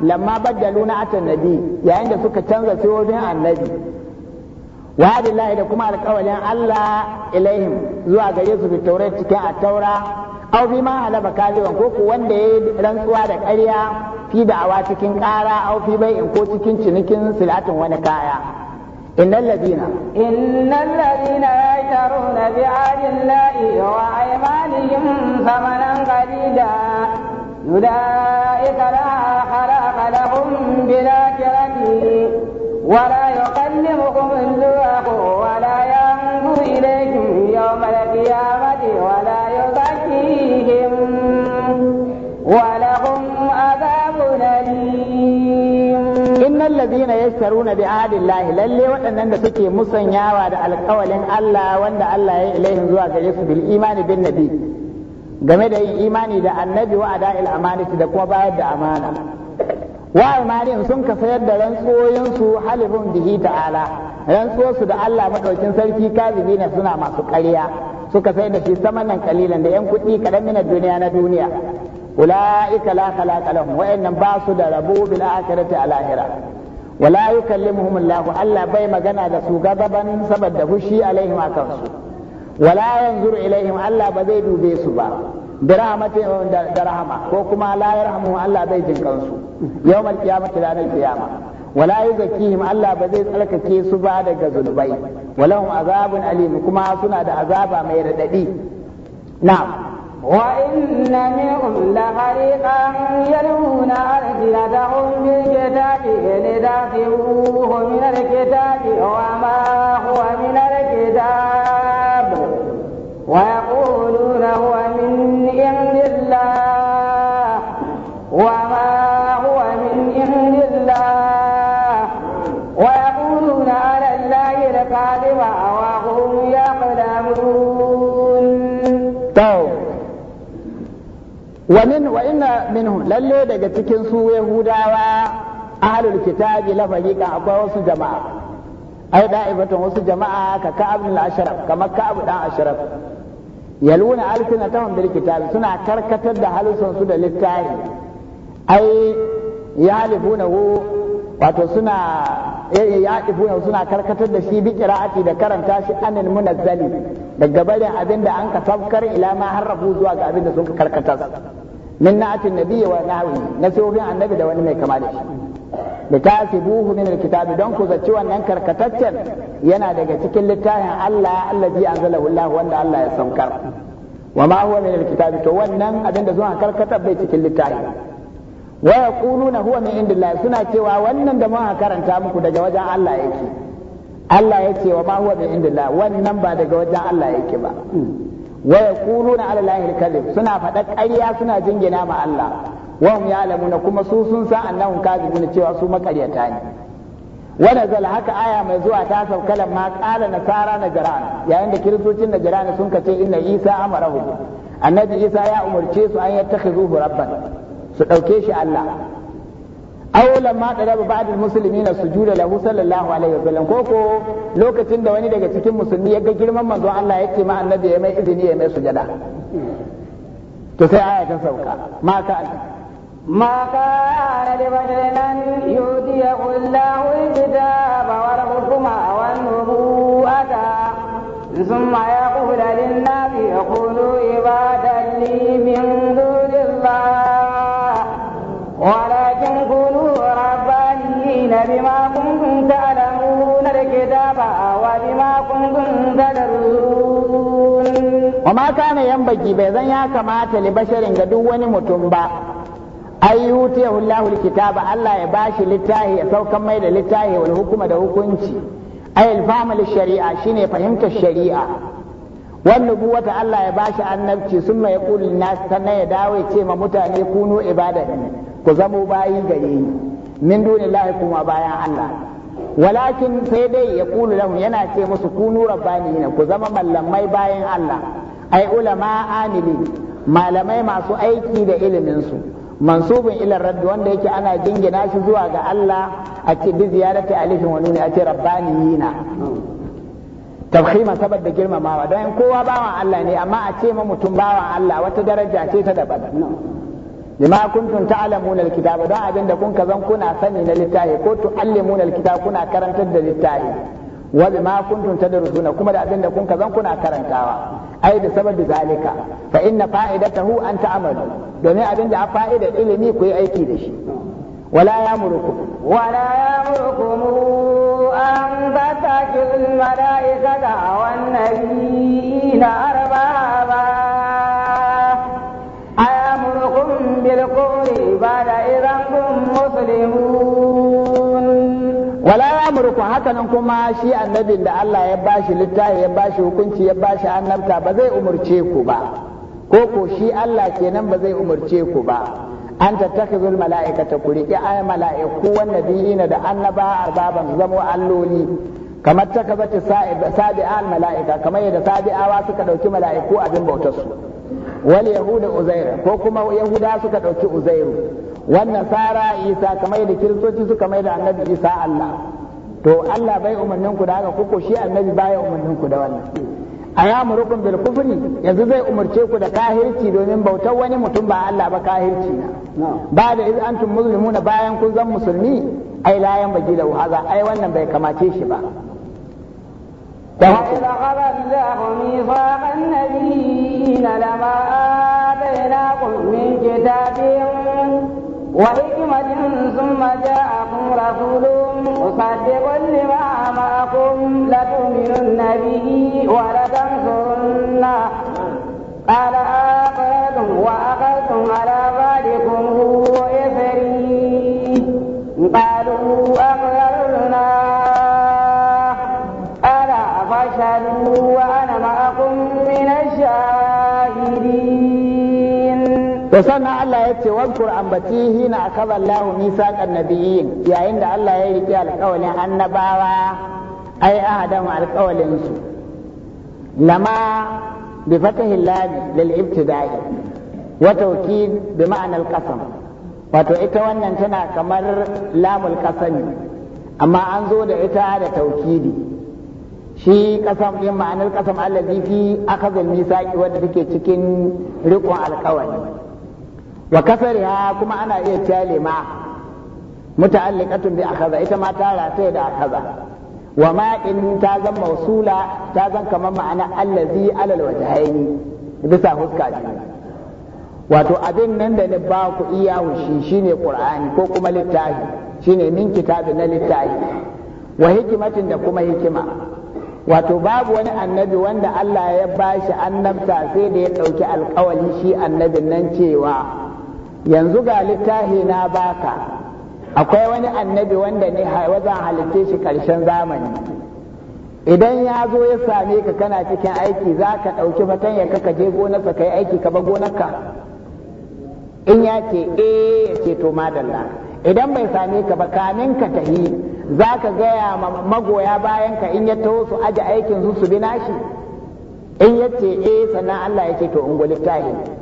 lamma badalu na atan nabi yayin da suka canza wajen annabi wa da kuma alƙawalin Allah ilaihim zuwa gare su fitaure cikin attaura aw bi ma halaba kaliwan ko ku wanda yayi rantsuwa da ƙarya fi da'awa cikin ƙara aw fi in ko cikin cinikin silatin wani kaya innal ladina innal ladina yashtaruna bi ahdillahi wa aymanihim thamanan qalila yudaika la khalaqa lahum bil akhirati ولا يقلمكم الله ولا ينظر إليكم يوم القيامة ولا يزكيهم ولهم عذاب أليم إن الذين يشترون بعهد الله للي وأن سكي مسنيا وعد القول الله وأن الله إليهم زوا بالإيمان بالنبي game da yin imani da annabi wa ada'il amanati da kuma bayar da amana wa almarin sun ka sayar da rantsoyinsu halifin bihi ta'ala rantsuwarsu da Allah madaukin sarki kazibi na suna masu ƙarya suka sayar da shi samanan kalilan da yan kuɗi kaɗan minar duniya na duniya ula'ika la khalaqa lahum ba su da rabo bil akhirati al akhirah wala yukallimuhum Allah Allah bai magana da su gaban saboda fushi alaihim akan su wala yanzuru ilaihim Allah ba zai dube su ba da rahmatin da rahama ko kuma la yarhamu Allah bai jin kansu yawmal qiyamati ranar qiyama wala yuzakkihim Allah ba zai tsarkake su ba daga zunubai walahum azabun alim kuma suna da azaba mai radadi na'am وإن منهم لفريقا يلون ألسنتهم بالكتاب لتحسبوه من الكتاب وما wa min wa inna minhu lalle daga cikin su yahudawa ahlul kitabi la fariqa akwai wasu jama'a ai da'ibatan wasu jama'a ka ka'ab bin ashraf kamar abu dan ashraf yaluna alsinatahum bil kitabi suna karkatar da halusan su da littafi ai yalibunahu wato suna eh, yaqifuna suna karkatar da shi bi qira'ati da karanta shi anan munazzali daga barin abinda an ka tafkar ila ma harrafu zuwa ga abinda sun karkatar min na'atin nabiyyi wa nahwi na sirrin annabi da wani mai kama da shi da tasibuhu min alkitabi don ku zaci wannan karkataccen yana daga cikin littafin Allah allazi anzalahu Allah wanda Allah ya saukar wa ma huwa min alkitabi to wannan abin da zuwa bai cikin littafi wa yaquluna huwa min indillahi suna cewa wannan da muka karanta muku daga wajen Allah yake Allah ya wa ma huwa min wannan ba daga wajen Allah yake ba wa yaquluna ala allahi al suna faɗa ƙarya suna jingina ma Allah wa hum ya'lamuna kuma su sun san annahum kadhibuna cewa su makaryata ne wa nazala haka aya mai zuwa ta saukalan ma qala nasara najran yayin da kiristocin najran sun kace inna isa amarahu annabi isa ya umarce su an yattakhizuhu rabban su dauke shi Allah aw lamma daraba ba'd musulmi na sujuda lahu sallallahu alaihi wa sallam, koko lokacin da wani daga cikin musulmi ya ga girman manzo Allah yake ma annabi ya mai izini ya mai sujada to sai aya ta sauka ma ka ما كان لبشر أن يؤتيه الله الكتاب والحكم والنبوءة ثم يقول للناس قولوا عبادا لي من دون الله بما كنتم تعلمون الكتاب وبما كنتم تدرسون وما كان ينبغي بذن يا كما لبشر قد وني متنبا ai yutiya hullahu alkitaba Allah ya bashi littahi ya sauka mai da littahi wal hukuma da hukunci ai alfamu shari'a shine fahimtar shari'a wan nubuwata Allah ya bashi annabci summa yaqulu lin nas sannan ya dawo ya ce ma mutane kunu ibadati ku zamo bayi gare ni min dunillahi kuma bayan Allah walakin sai dai ya kulu lahum yana ce musu kunu rabbaniyina ku zama mallamai bayan Allah ai ulama amili malamai masu aiki da ilimin su mansubin ila rabbi wanda yake ana jingina shi zuwa ga Allah a ce bi ziyarati alifin wa nuni a ce rabbaniyina tafkhima saboda girmamawa don kowa bawan Allah ne amma a ce ma mutum bawan Allah wata daraja ce ta daban bima kuntum ta'lamuna alkitaba don abin da kun kazan kuna sani na littafi ko tu'allimuna alkitaba kuna karantar da littafi wa bima kuntum tadrusuna kuma da abin da kun kazan kuna karantawa ai da sababi zalika fa inna fa'idatahu an ta'malu domin abin da fa'ida ilimi ku yi aiki da shi wala yamurukum wala yamurukum an tatakil malaikata wan nabiyina arbaba amurku hakanan kuma shi annabin da Allah ya bashi littafi ya bashi hukunci ya bashi annabta ba zai umurce ku ba ko ko shi Allah kenan ba zai umurce ku ba an tattakhizul mala'ikata ku riƙi ay mala'iku wan nabiyina da annaba arbaban zamo alloli kamar takazati sabi'a al mala'ika kamar yadda sabi'awa suka dauki mala'iku abin bautar su wal yahuda uzair ko kuma yahuda suka ɗauki uzairu wannan sara isa kamar yadda kiristoci suka mai da annabi isa allah to Allah bai umarnin ku da haka kuko shi annabi bai umarnin ku da wannan a murukun bil kufri yanzu zai umarce ku da kahirci domin bautar wani mutum ba Allah ba kahirci na ba da iz antum muslimuna bayan kun zan musulmi ai la yan bagi da haza ai wannan bai kamace shi ba وإذا أخذ الله ميثاق وحكمة ثم جاءكم رسول مصدق لما معكم لتؤمنن به ولتنصرنه قال آخذتم وأخذتم على to sannan Allah ya ce wankur ambati hina akaba Allahu misaqan nabiyyin yayin da Allah ya rike alƙawalin annabawa ai ahadan alƙawalin su lama bi fatahi lil ibtida'i wa tawkid bi ma'ana al wato ita wannan tana kamar lamul qasami amma an zo da ita da tawkidi shi kasam din ma'anar kasam allazi fi akazal misaqi wanda take cikin rikon alƙawari wa kasariha kuma ana iya kyale ma muta'alliqatun bi akhadha ita ma ta rataye da akhadha wa ma in ta zan mausula ta zan kamar ma'ana allazi alal wajhaini bisa huska biyu wato abin nan da ni ba ku iya shi shine qur'ani ko kuma littafi shine min kitabi na littafi wa hikimatin da kuma hikima wato babu wani annabi wanda Allah ya bashi annabta sai da ya ɗauki alkawali shi annabin nan cewa yanzu ga littafi na baka akwai wani annabi wanda ne wajen halitta shi ƙarshen zamani idan ya zo ya same ka kana cikin aiki za ka ɗauki fatanya ka je gonarsa ka yi aiki ka ba gonarka in ya ce eh ya ce to madalla idan bai same ka ba kamin ka tahi za ka gaya magoya bayan ka in ya taho su aji aikin su su bi nashi in ya ce eh sannan Allah ya ce to unguli littafi.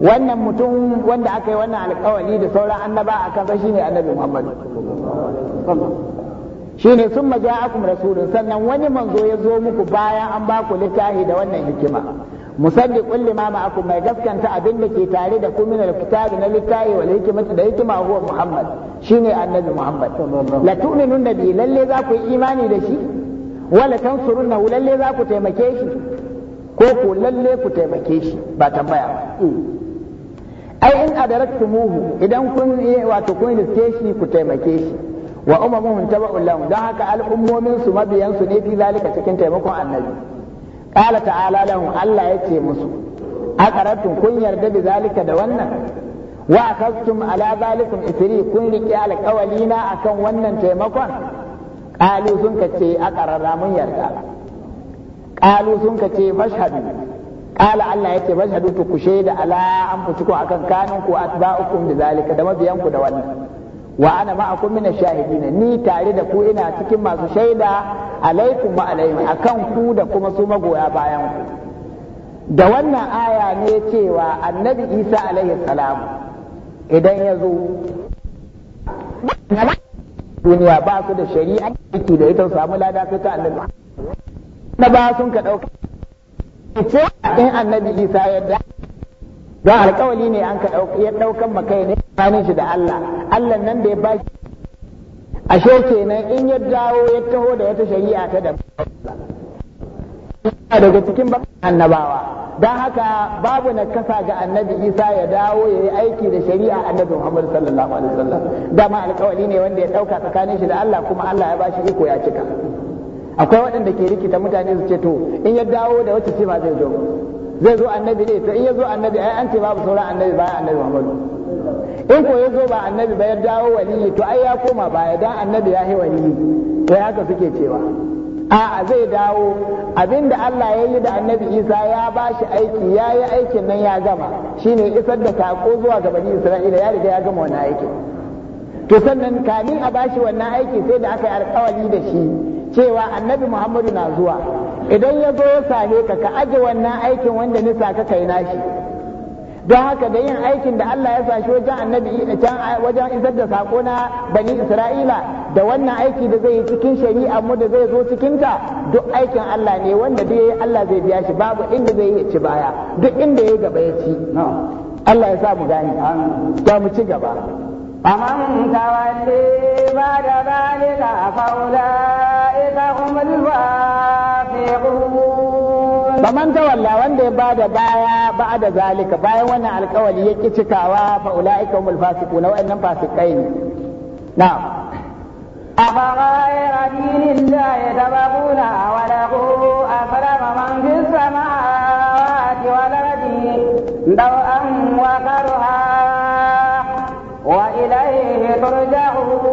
wannan mutum wanda aka yi wannan alkawali da sauran annaba a kansa shine annabi Muhammad shine sun maja'akum rasulun sannan wani manzo ya zo muku bayan an ba ku littafi da wannan hikima musaddiqun ma ma'akum mai gaskanta abin da ke tare da kuma alkitabi na littafi wal hikimata da hikima huwa Muhammad shine annabi Muhammad la tu'minun nabi lalle za ku yi imani da shi wala tansurunna lalle za ku taimake shi ko ku lalle ku taimake shi ba tambaya ba ai in muhu idan kun wato kun riske shi ku taimake shi wa umamuhum tabu'un lahum don haka al'ummomin su mabiyan su ne fi zalika cikin taimakon annabi qala ta'ala lahum Allah yace musu aqaratun kun yarda da zalika da wannan wa akastum ala zalikum isri kun rike na akan wannan taimakon qalu sun kace aqarara mun yarda qalu sun kace fashhadu kala Allah yake mashhadu to ku shaida ala anfusikum akan kanun ku atba'ukum da zalika da mabiyan ku da wannan wa ana ma'akum min ash-shahidin ni tare da ku ina cikin masu shaida alaikum wa alaihim akan ku da kuma su magoya bayan ku da wannan aya ne cewa annabi Isa alaihi salam idan ya zo duniya ba su da shari'a da ita samu lada sai ta Allah na ba sun ka dauka ko in annabi isa ya da don alkawali ne an ka ya ɗaukan makai ne tsakanin shi da Allah Allah nan da ya ba shi ashe nan in ya dawo ya taho da wata shari'a ta da daga cikin annabawa don haka babu na kasa ga annabi isa ya dawo ya yi aiki da shari'a annabi Muhammadu sallallahu alaihi wasallam dama alkawali ne wanda ya ɗauka tsakanin shi da Allah kuma Allah ya ba shi iko ya cika akwai waɗanda ke rikita mutane su ce to in ya dawo da wacce ba zai zo zai zo annabi ne to in ya zo annabi ai an ce babu sauran annabi bayan annabi Muhammadu in ko ya zo ba annabi ba ya dawo waliyi to ai ya koma baya dan annabi ya yi waliyi to haka suke cewa a'a zai dawo abinda Allah ya yi da annabi Isa ya bashi aiki ya yi aikin nan ya gama shine isar da sako zuwa ga bani Isra'ila ya riga ya gama wannan aikin to sannan kamin a bashi wannan aiki sai da aka yi alkawari da shi cewa annabi muhammadu na zuwa idan ya zo ya same ka ka aje wannan aikin wanda nisa ka kai nashi don haka da yin aikin da Allah ya sashi wajen annabi wajen isar da sako na bani Isra'ila da wannan aiki da zai yi cikin shari'a mu da zai zo cikin ta duk aikin Allah ne wanda da yayi Allah zai biya shi babu inda zai yi ci baya duk inda yayi gaba ya ci Allah ya sa mu gani ta mu ci gaba mun tawalle ba da ka faula هم الفاسقون فمن تولى وان دي بعد بايا بعد ذلك بايا وانا القول يكي تكاوا فأولئك هم الفاسقون وإنهم فاسقين نعم أفغير دين الله يتبغون وله أسلم من في السماوات والأرض لو أن وكرها وإليه ترجعون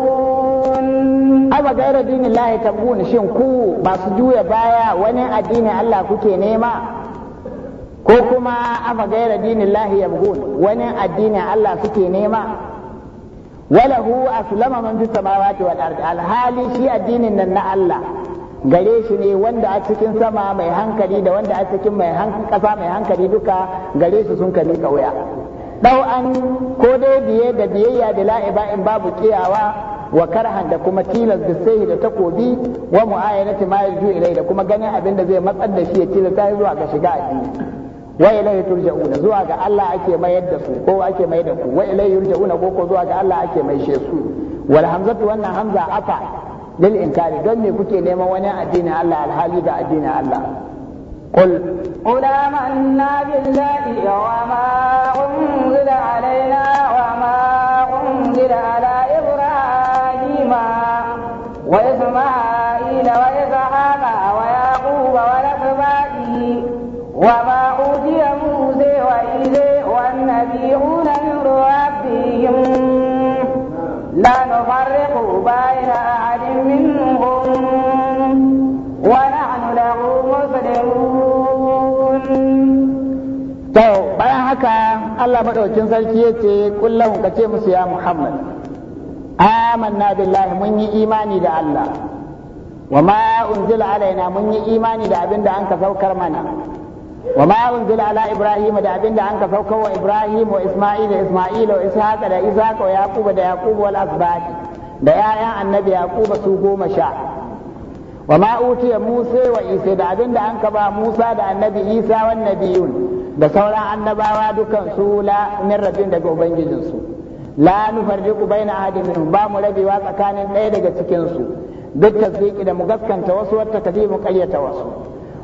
awa gaira dinin lahi tabun shin ku ba su juya baya wani addinin Allah kuke nema ko kuma afa gaira dinin lahi yabgun wani addinin Allah suke nema walahu aslama man fi samawati wal ardi alhali shi addinin nan na Allah gare shi ne wanda a cikin sama mai hankali da wanda a cikin mai kasa mai hankali duka gare su sun kani kauya dau an ko dai biye da biyayya da la'iba in babu kiyawa wa karhan da kuma tilas da sai da takobi wa mu'ayanati ma yarju ilai da kuma ganin abin da zai matsar da shi ya tilasta zuwa ga shiga addini wa ilaihi turja'una zuwa ga Allah ake mayar da su ko ake mai da ku wa ilaihi yurja'una ko ko zuwa ga Allah ake mai she su wal hamzatu wannan hamza afa lil inkari don ne kuke neman wani addinin Allah alhali da addinin Allah قل قل آمنا wa وما أنزل علينا wa أنزل على إبراهيم وإسحاق وإسماعيل وإسحاق ويعقوب والأسباط وما أوتي موسى وإيسى والنبيون من ربهم لا نفرق بين أحد منهم ونحن له مسلمون تو bayan haka Allah madaukin sarki yace ka ce musu ya Muhammad amanna billahi mun yi imani da Allah wa ma unzila alaina mun yi imani da abin da anka saukar mana wa ma unzila ala ibrahim da abin da anka saukar wa ibrahim wa isma'il da isma'il wa ishaqa da ishaqa wa yaqub da yaqub wal asbat da yayan annabi Yakuba su goma sha wa ma utiya musa wa isa da abin da anka ba musa da annabi isa wan nabiyun da sauran annabawa dukan su la min rabbin daga ubangijinsu su la nufarriqu baina ahadin minhum ba mu rabewa tsakanin ɗaya daga cikin su duk tasdiqi da mu gaskanta wasu wata mu qaryata wasu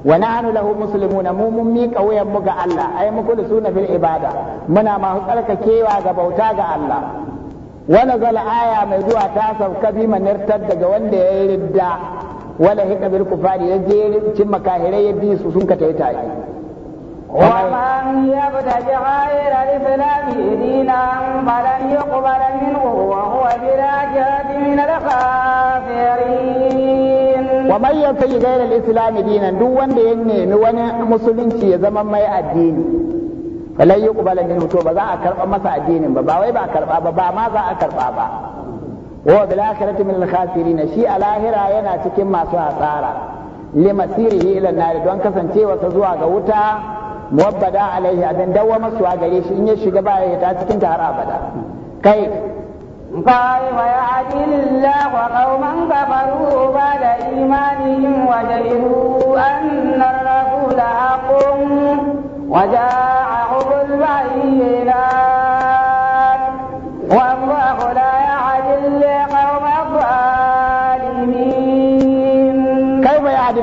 wa nahnu lahu muslimuna mu mun miƙa wuyan mu ga Allah ai mu kullu suna fil ibada muna ma tsarkakewa ga bauta ga Allah wa nazala aya mai zuwa ta sauka bi manirtar daga wanda ya ridda wala hika bil kufari ya je cin makahirai ya sun ka tayi tayi ومن يبتغ غير الإسلام دينا فلن يقبل منه وهو في من الخاسرين ومن يبتغ غير الإسلام دينا duk wanda ya nemi wani musulunci ya zama mai addini falai yi kubala min to ba za a karba masa addinin ba wai ba karba ba ba ma za a karba ba wa bil akhirati min al shi a lahira yana cikin masu hasara limasirihi na da don kasancewa zuwa ga wuta muwabbada alaihi abin dawwama masu a gare shi in ya shiga ba ya ta cikin ta har abada kai فكيف يعدل الله قوما كفروا بعد إيمانهم وجدوا أن الرسول حق وجاءهم البينات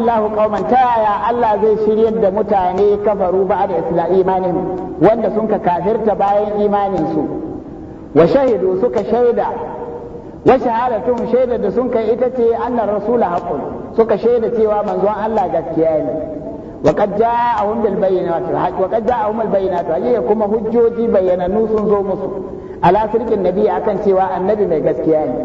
Allahu qauman ta yaya Allah zai shiryar da mutane kafaru ba da isla wanda sun ka kafirta bayan imanin su wa shahidu suka shaida da sun ita ce annar rasula haqqun suka shaida cewa manzo Allah gaskiya ne wa qad ja'ahum bil bayyinati wa qad ja'ahum al kuma hujjoji bayyananu sun zo musu ala sirkin nabi akan cewa annabi mai gaskiya ne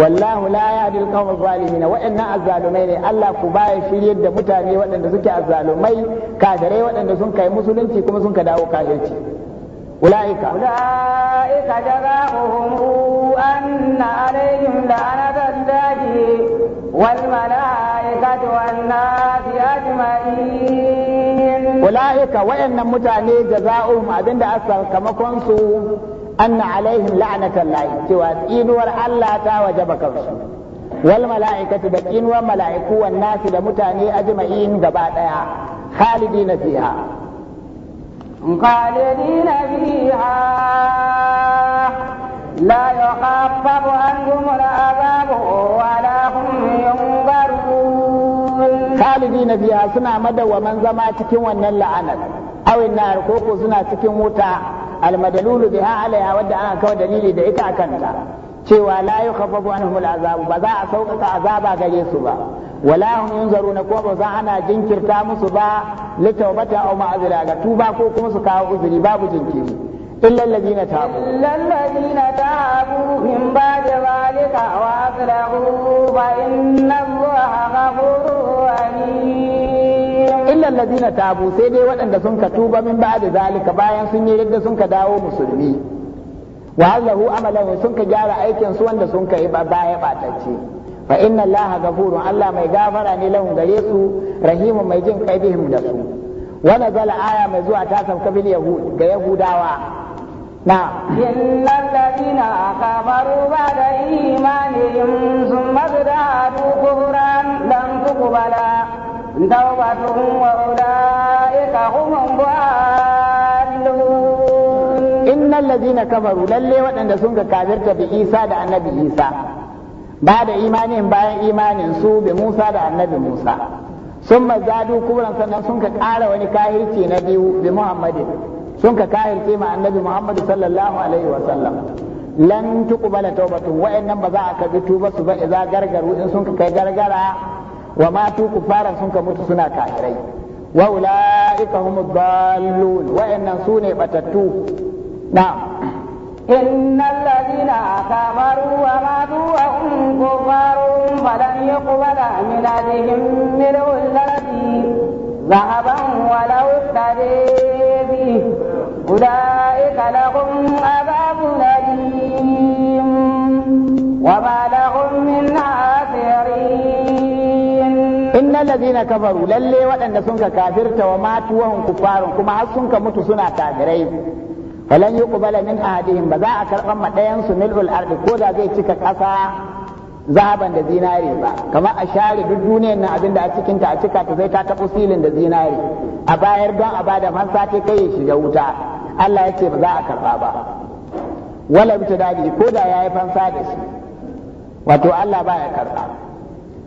wallahu la yahdi qawm zalimin wa'annan azzalumai ne Allah ku baya shiryar da mutane waɗanda suke azzalumai kadarai waɗanda sun kai musulunci kuma sun ka dawo kafirci ulaika ulaika jazaohum anna alaihim la'anatullahi wal malaikatu wan nasi ajma'in ulaika wa'annan mutane jazaohum abinda asal kamakon su anna alaihim la'natan lahi cewa tsinuwar Allah ta wajaba kansu wal mala'ikati da tsinuwar mala'iku wan nasi da mutane ajma'in gaba daya khalidina fiha خالدين فيها لا يخفف عنهم العذاب ولا هم ينظرون خالدين فيها سنة مدى ومن زما cikin wannan la'anar awin nar koko suna cikin wuta almadalulu biha alaiha wadda ana kawo dalili da ita akan ta cewa la yukhaffafu anhum al'azab ba za a sauƙaƙa azaba gare su ba wala hum yunzaruna ko ba za ana jinkirta musu ba litawbata aw ma'azira ga tuba ko kuma su kawo uzuri babu jinkiri in الذين تابوا إلا الذين تابوا من بعد ذلك وأصلحوا فإن الله غفور illa allazina tabu sai dai waɗanda sun ka tuba min ba'da zalika bayan sun yi yadda sun ka dawo musulmi wa allahu amalan sun ka gyara aikin su wanda sun ka yi baya batacce fa inna allaha ghafurun allah mai gafara ne lahum gare su rahimu mai jin kaibihim da su wa nazala aya mai zuwa ta sauka bil yahud ga yahudawa نعم إن الذين كفروا بعد إيمانهم ثم ازدادوا كفرا لم تقبل توبتهم وأولئك هم الضالون إن الذين كفروا للي وأن سنك كافرت بإيسى دا النبي إيسى بعد إيمانهم بعد إيمان سوء بموسى دا النبي موسى ثم زادوا كبرا سنة سنك قال ونكاهيتي نبي بمحمد سنك كاهيتي مع النبي محمد صلى الله عليه وسلم lan tuqbala tawbatu wa'annan ba za a karbi tuba su ba idza gargaru in sun kai gargara wa matu kufaran sun ka mutu suna kafirai wa ulaika humud dallun wa'annan sune batattu na'am إن الذين كفروا وماتوا وهم كفار فلن يقبل من أهلهم ملء الذي ذهبا ولو افتدي به أولئك لهم عذاب أليم وما inna ladina kafaru lalle waɗanda sun ka kafirta wa matu wa kufarun kuma har sun ka mutu suna kafirai falan yuqbala min ahadihim ba za a karban ma ɗayan su mil'ul ardi ko da zai cika ƙasa zahaban da zinari ba kamar a share duk duniyar nan abinda a cikin ta a cika ta zai ta taɓo silin da zinari a bayar don a bada fansa ta kai ya shiga wuta Allah yake ba za a karba ba wala bi ko da yayi fansa da shi wato Allah baya karba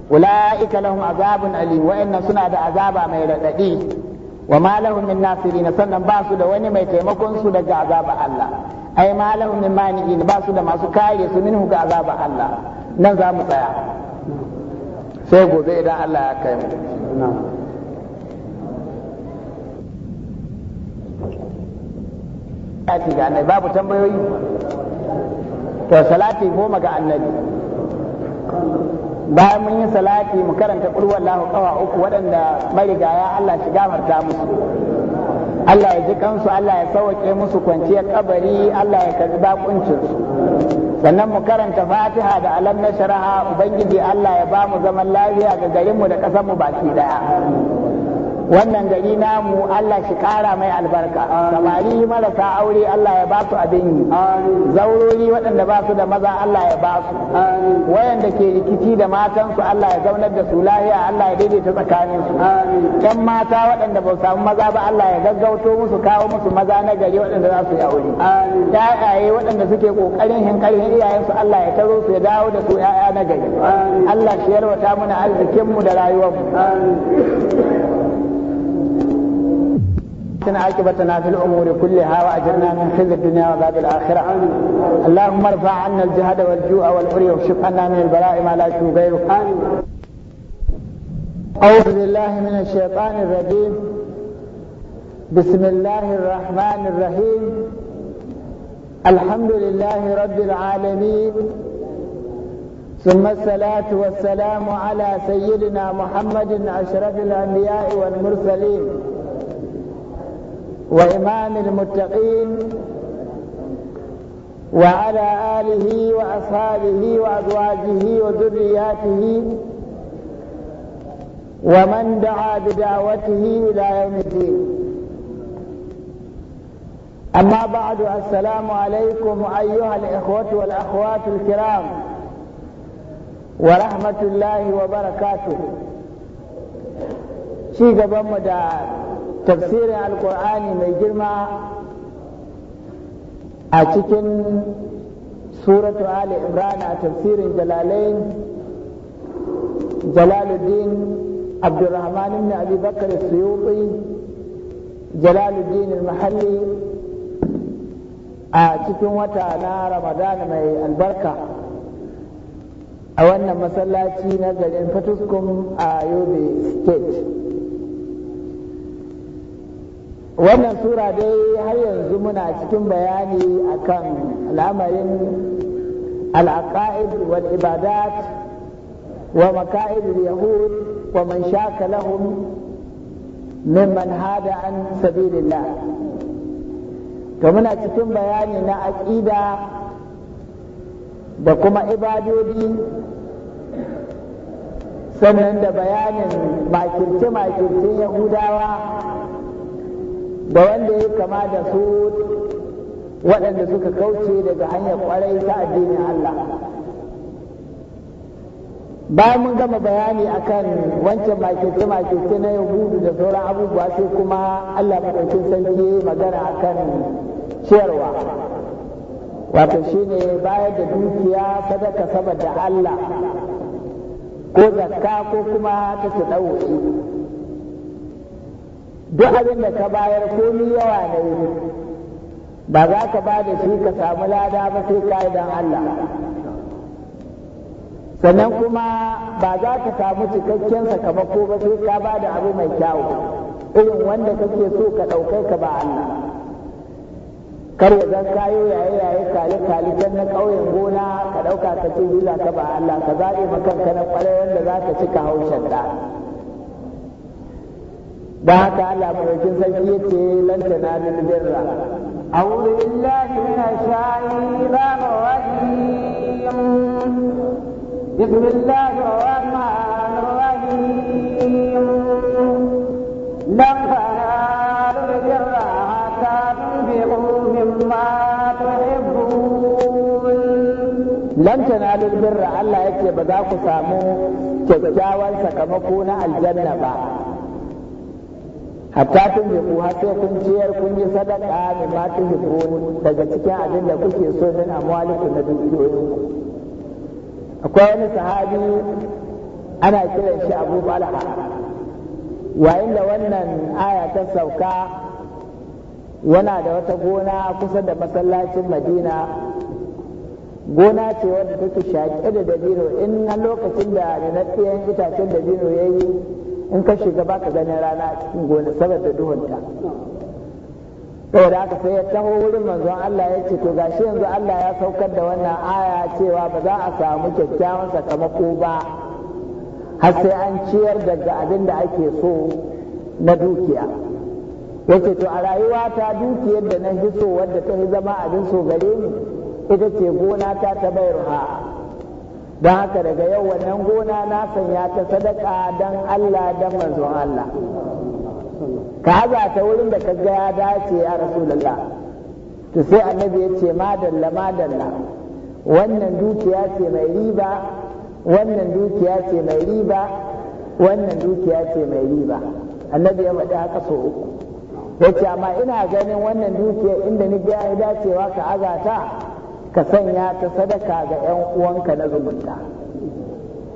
ula'ika lahum azabun alim wa'annan suna da azaba mai radadi wa ma lahum sannan ba su da wani mai taimakon su daga azaba Allah ai ma lahum min ba su da masu kare su minhu ga azaba Allah nan za mu tsaya sai gobe idan Allah ya kai mu salati babu tambayoyi to salati goma ga annabi bayan mun yi salati mu karanta qul wallahu qawa uku waɗanda marigaya Allah shi gafarta musu Allah ya ji kansu Allah ya sauke musu kwanciyar kabari Allah ya karbi bakuncin su sannan mu karanta Fatiha da alam na sharaha ubangiji Allah ya ba mu zaman lafiya ga garinmu da ƙasarmu baki daya wannan gari namu Allah shi kara mai albarka samari marasa aure Allah ya ba su abin yi zaurori waɗanda ba su da maza Allah ya ba su wayanda ke rikici da matansu Allah ya zaunar da su lahiya Allah ya daidaita tsakanin su ɗan mata waɗanda ba samu maza ba Allah ya gaggauto musu kawo musu maza na gari waɗanda za su yi aure ɗaya'aye waɗanda suke ƙoƙarin hinkarin iyayensu Allah ya taro su ya dawo da su ƴaƴa na gari Allah shi yarwata mana arzikinmu da rayuwarmu أحسن عاقبتنا في الأمور كلها وأجرنا من خزي الدنيا وباب الآخرة اللهم ارفع عنا الجهد والجوع والعري واكشف عنا من البلاء ما لا يشفي غيره أعوذ بالله من الشيطان الرجيم بسم الله الرحمن الرحيم الحمد لله رب العالمين ثم الصلاة والسلام على سيدنا محمد أشرف الأنبياء والمرسلين وإمام المتقين وعلى آله وأصحابه وأزواجه وذرياته ومن دعا بدعوته إلى يوم الدين أما بعد السلام عليكم أيها الإخوة والأخوات الكرام ورحمة الله وبركاته شيء قبل tafsirin alkur'ani mai girma a cikin suratu ali imran a tafsirin jalalai jalaluddin abdurrahman ibn abi bakar suyuti jalaluddin al-mahalli a cikin wata na ramadana mai albarka a wannan masallaci na garin fatuskum a yobe state wannan sura dai har yanzu muna cikin bayani akan al'amarin al'aqaid wal ibadat wa maka'id yahud wa man shaka lahum mimman hada an sabilillah to muna cikin bayani na aqida da kuma ibadodi sannan da bayanin makirce-makircin yahudawa da wanda ya kama da su waɗanda suka kauce daga hanyar ƙwarai ta addinin Allah bayan mun gama bayani akan wancan makirce makirce na yahudu da sauran abubuwa sai kuma Allah maɗaukin sarki magana akan ciyarwa wato ne bayar da dukiya sadaka saboda Allah ko zakka ko kuma ta ɗauki duk abin da ka bayar komi yawa na yi ba za ka ba da shi ka samu lada ba sai ka yi don Allah sannan kuma ba za ka samu cikakken sakamako ba sai ka ba da abu mai kyawu irin wanda kake so ka ɗaukai ka ba Allah kar ya zan kayo yaye yaye kali kali can na ƙauyen gona ka ɗauka ka ce za ka ba Allah ka zaɓe makanka na ƙwarai wanda za ka cika haushen da da haka Allah madaukin sarki yace lan tanalul birra a'udhu billahi minash shaitanir rajim bismillahir rahmanir rahim lan tanalul birra hatta tunfiqu mimma tuhibbun lan tanalul birra Allah yake ba za ku samu kyakkyawan sakamako na aljanna ba hatta tun yi sai kun ciyar kun yi sadaka da ba ta daga cikin abin da kuke so a amwalikum na dukiyoyin akwai wani sahabi ana kiran shi Abu Talha wayin da wannan aya ta sauka wana da wata gona kusa da masallacin Madina gona ce wadda take shaƙe da dabino in lokacin da na itacen dabino yayi in ka shiga ba ka ganin rana a cikin gona saboda duhunta saboda aka sai ya taho wurin manzon Allah ya ce to gashi yanzu Allah ya saukar da wannan aya cewa ba za a samu kyakkyawan sakamako ba har sai an ciyar daga abin da ake so na dukiya yace to a rayuwa ta dukiyar da na hito so wadda ta yi zama abin so gare ni ita ce gona ta ta ha don haka daga yau wannan gona na sanya ta sadaka don Allah don manzon Allah ka haza ta wurin da ka ga ya dace ya rasulullah to sai annabi ya ce madalla madalla wannan dukiya ce mai riba wannan dukiya ce mai riba wannan dukiya ce mai riba annabi ya faɗi haka so uku ya ce amma ina ganin wannan dukiya inda ni ga ya dacewa ka azata ka sanya ta sadaka ga 'yan uwanka na zumunta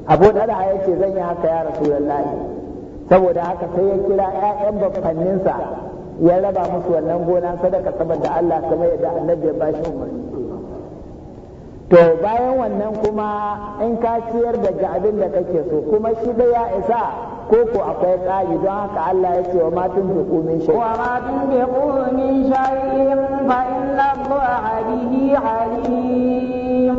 abu da ya ce zan yi haka ya rasulullahi saboda haka sai ya kira 'ya'yan baffanninsa ya raba musu wannan gona sadaka saboda Allah kamar yadda annabi ya bashi umarni to bayan wannan kuma in ka ciyar daga abin da kake so kuma shi da ya isa ko ko akwai ƙari don haka Allah ya ce wa matun tun fi kumin shay'in wa ma tun fi kumin shay'in fa inna Allah bihi alim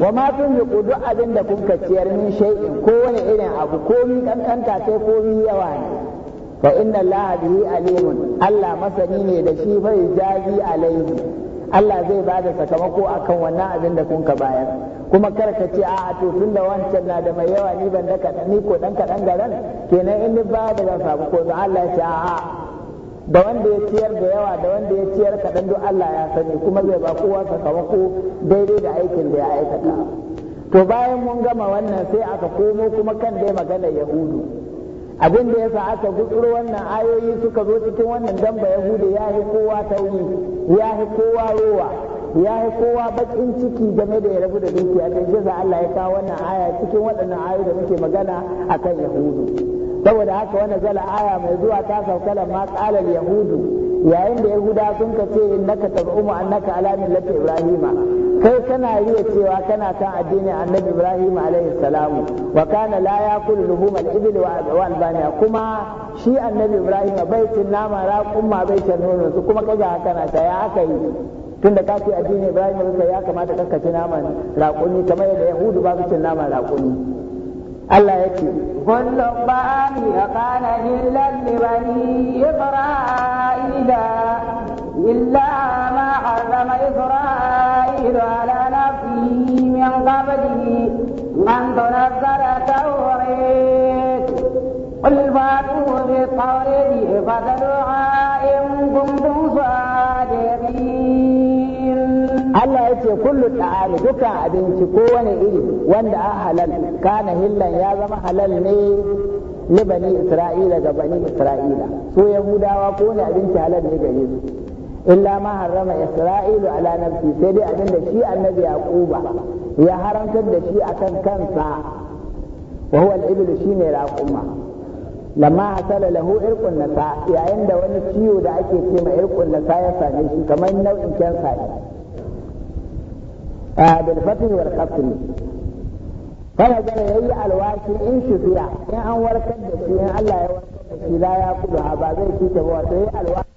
wa matun tun fi kudu abin da kun ka ciyar min shay'in ko wani irin abu ko min kankanta sai ko min yawa ne fa inna Allah bihi alimun Allah masani ne da shi fa jazi alaihi Allah zai bada sakamako akan wannan abin da kun ka bayar kuma kar ka ce a to tun da wancan na da mai yawa ni ban da kaɗan ni ko ɗan kaɗan garan kenan in ni ba da zan samu ko da Allah ya ce a'a da wanda ya ciyar da yawa da wanda ya ciyar kaɗan duk Allah ya sani kuma zai ba kowa sakamako daidai da aikin da ya aikata to bayan mun gama wannan sai aka komo kuma kan dai magana yahudu abin da sa aka gutsuro wannan ayoyi suka zo cikin wannan damba yahudu ya kowa tauni ya yi kowa rowa ya yi kowa bakin ciki game da ya rabu da dukiya ta jaza Allah ya kawo wannan aya cikin waɗannan ayoyi da muke magana a kan yahudu saboda haka wani zala aya mai zuwa ta saukala ma qalal yahudu yayin da yahuda sun ka ce in naka innaka tab'umu annaka alamin millati ibrahima kai kana riya cewa kana kan addinin annabi ibrahim alaihi salamu wa kana la yakulu luhum al wa albaniya kuma shi annabi ibrahim bai cin nama raqumma bai cin nono su kuma kaga kana ta ya aka yi tunda ka ce addinin Ibrahim ruka ya kamata kankace naman raƙumi kamar yadda Yahudu ba su cin naman raƙumi Allah ya ce, Kullu ba'ani a kana hillar libani Isra'ila, illa ma harrama Isra'ila ala nafi min qabli man tunazzara tawrit. Qul fatu bi tawridi fadlu'a in kuntum sadiqin. yace kullu ta'ami dukkan abinci ko wani iri wanda a halal kana hillan ya zama halal ne ni bani isra'ila ga bani isra'ila su yahudawa ko ne abinci halal ne ga su illa ma harrama isra'ilu ala nafsi sai dai abin da shi annabi yaquba ya haramtar da shi akan kansa wa huwa al-ibl shine raquma lamma hasala lahu irqun nasa yayin da wani ciwo da ake ce ma irqun nasa ya same shi kamar nau'in kansa ne بالفتح والقصر فنزل يي الواشي إن شفيع إن أن وركد إن الله يوركد لا يأكلها بعد ذلك تبوته الواشي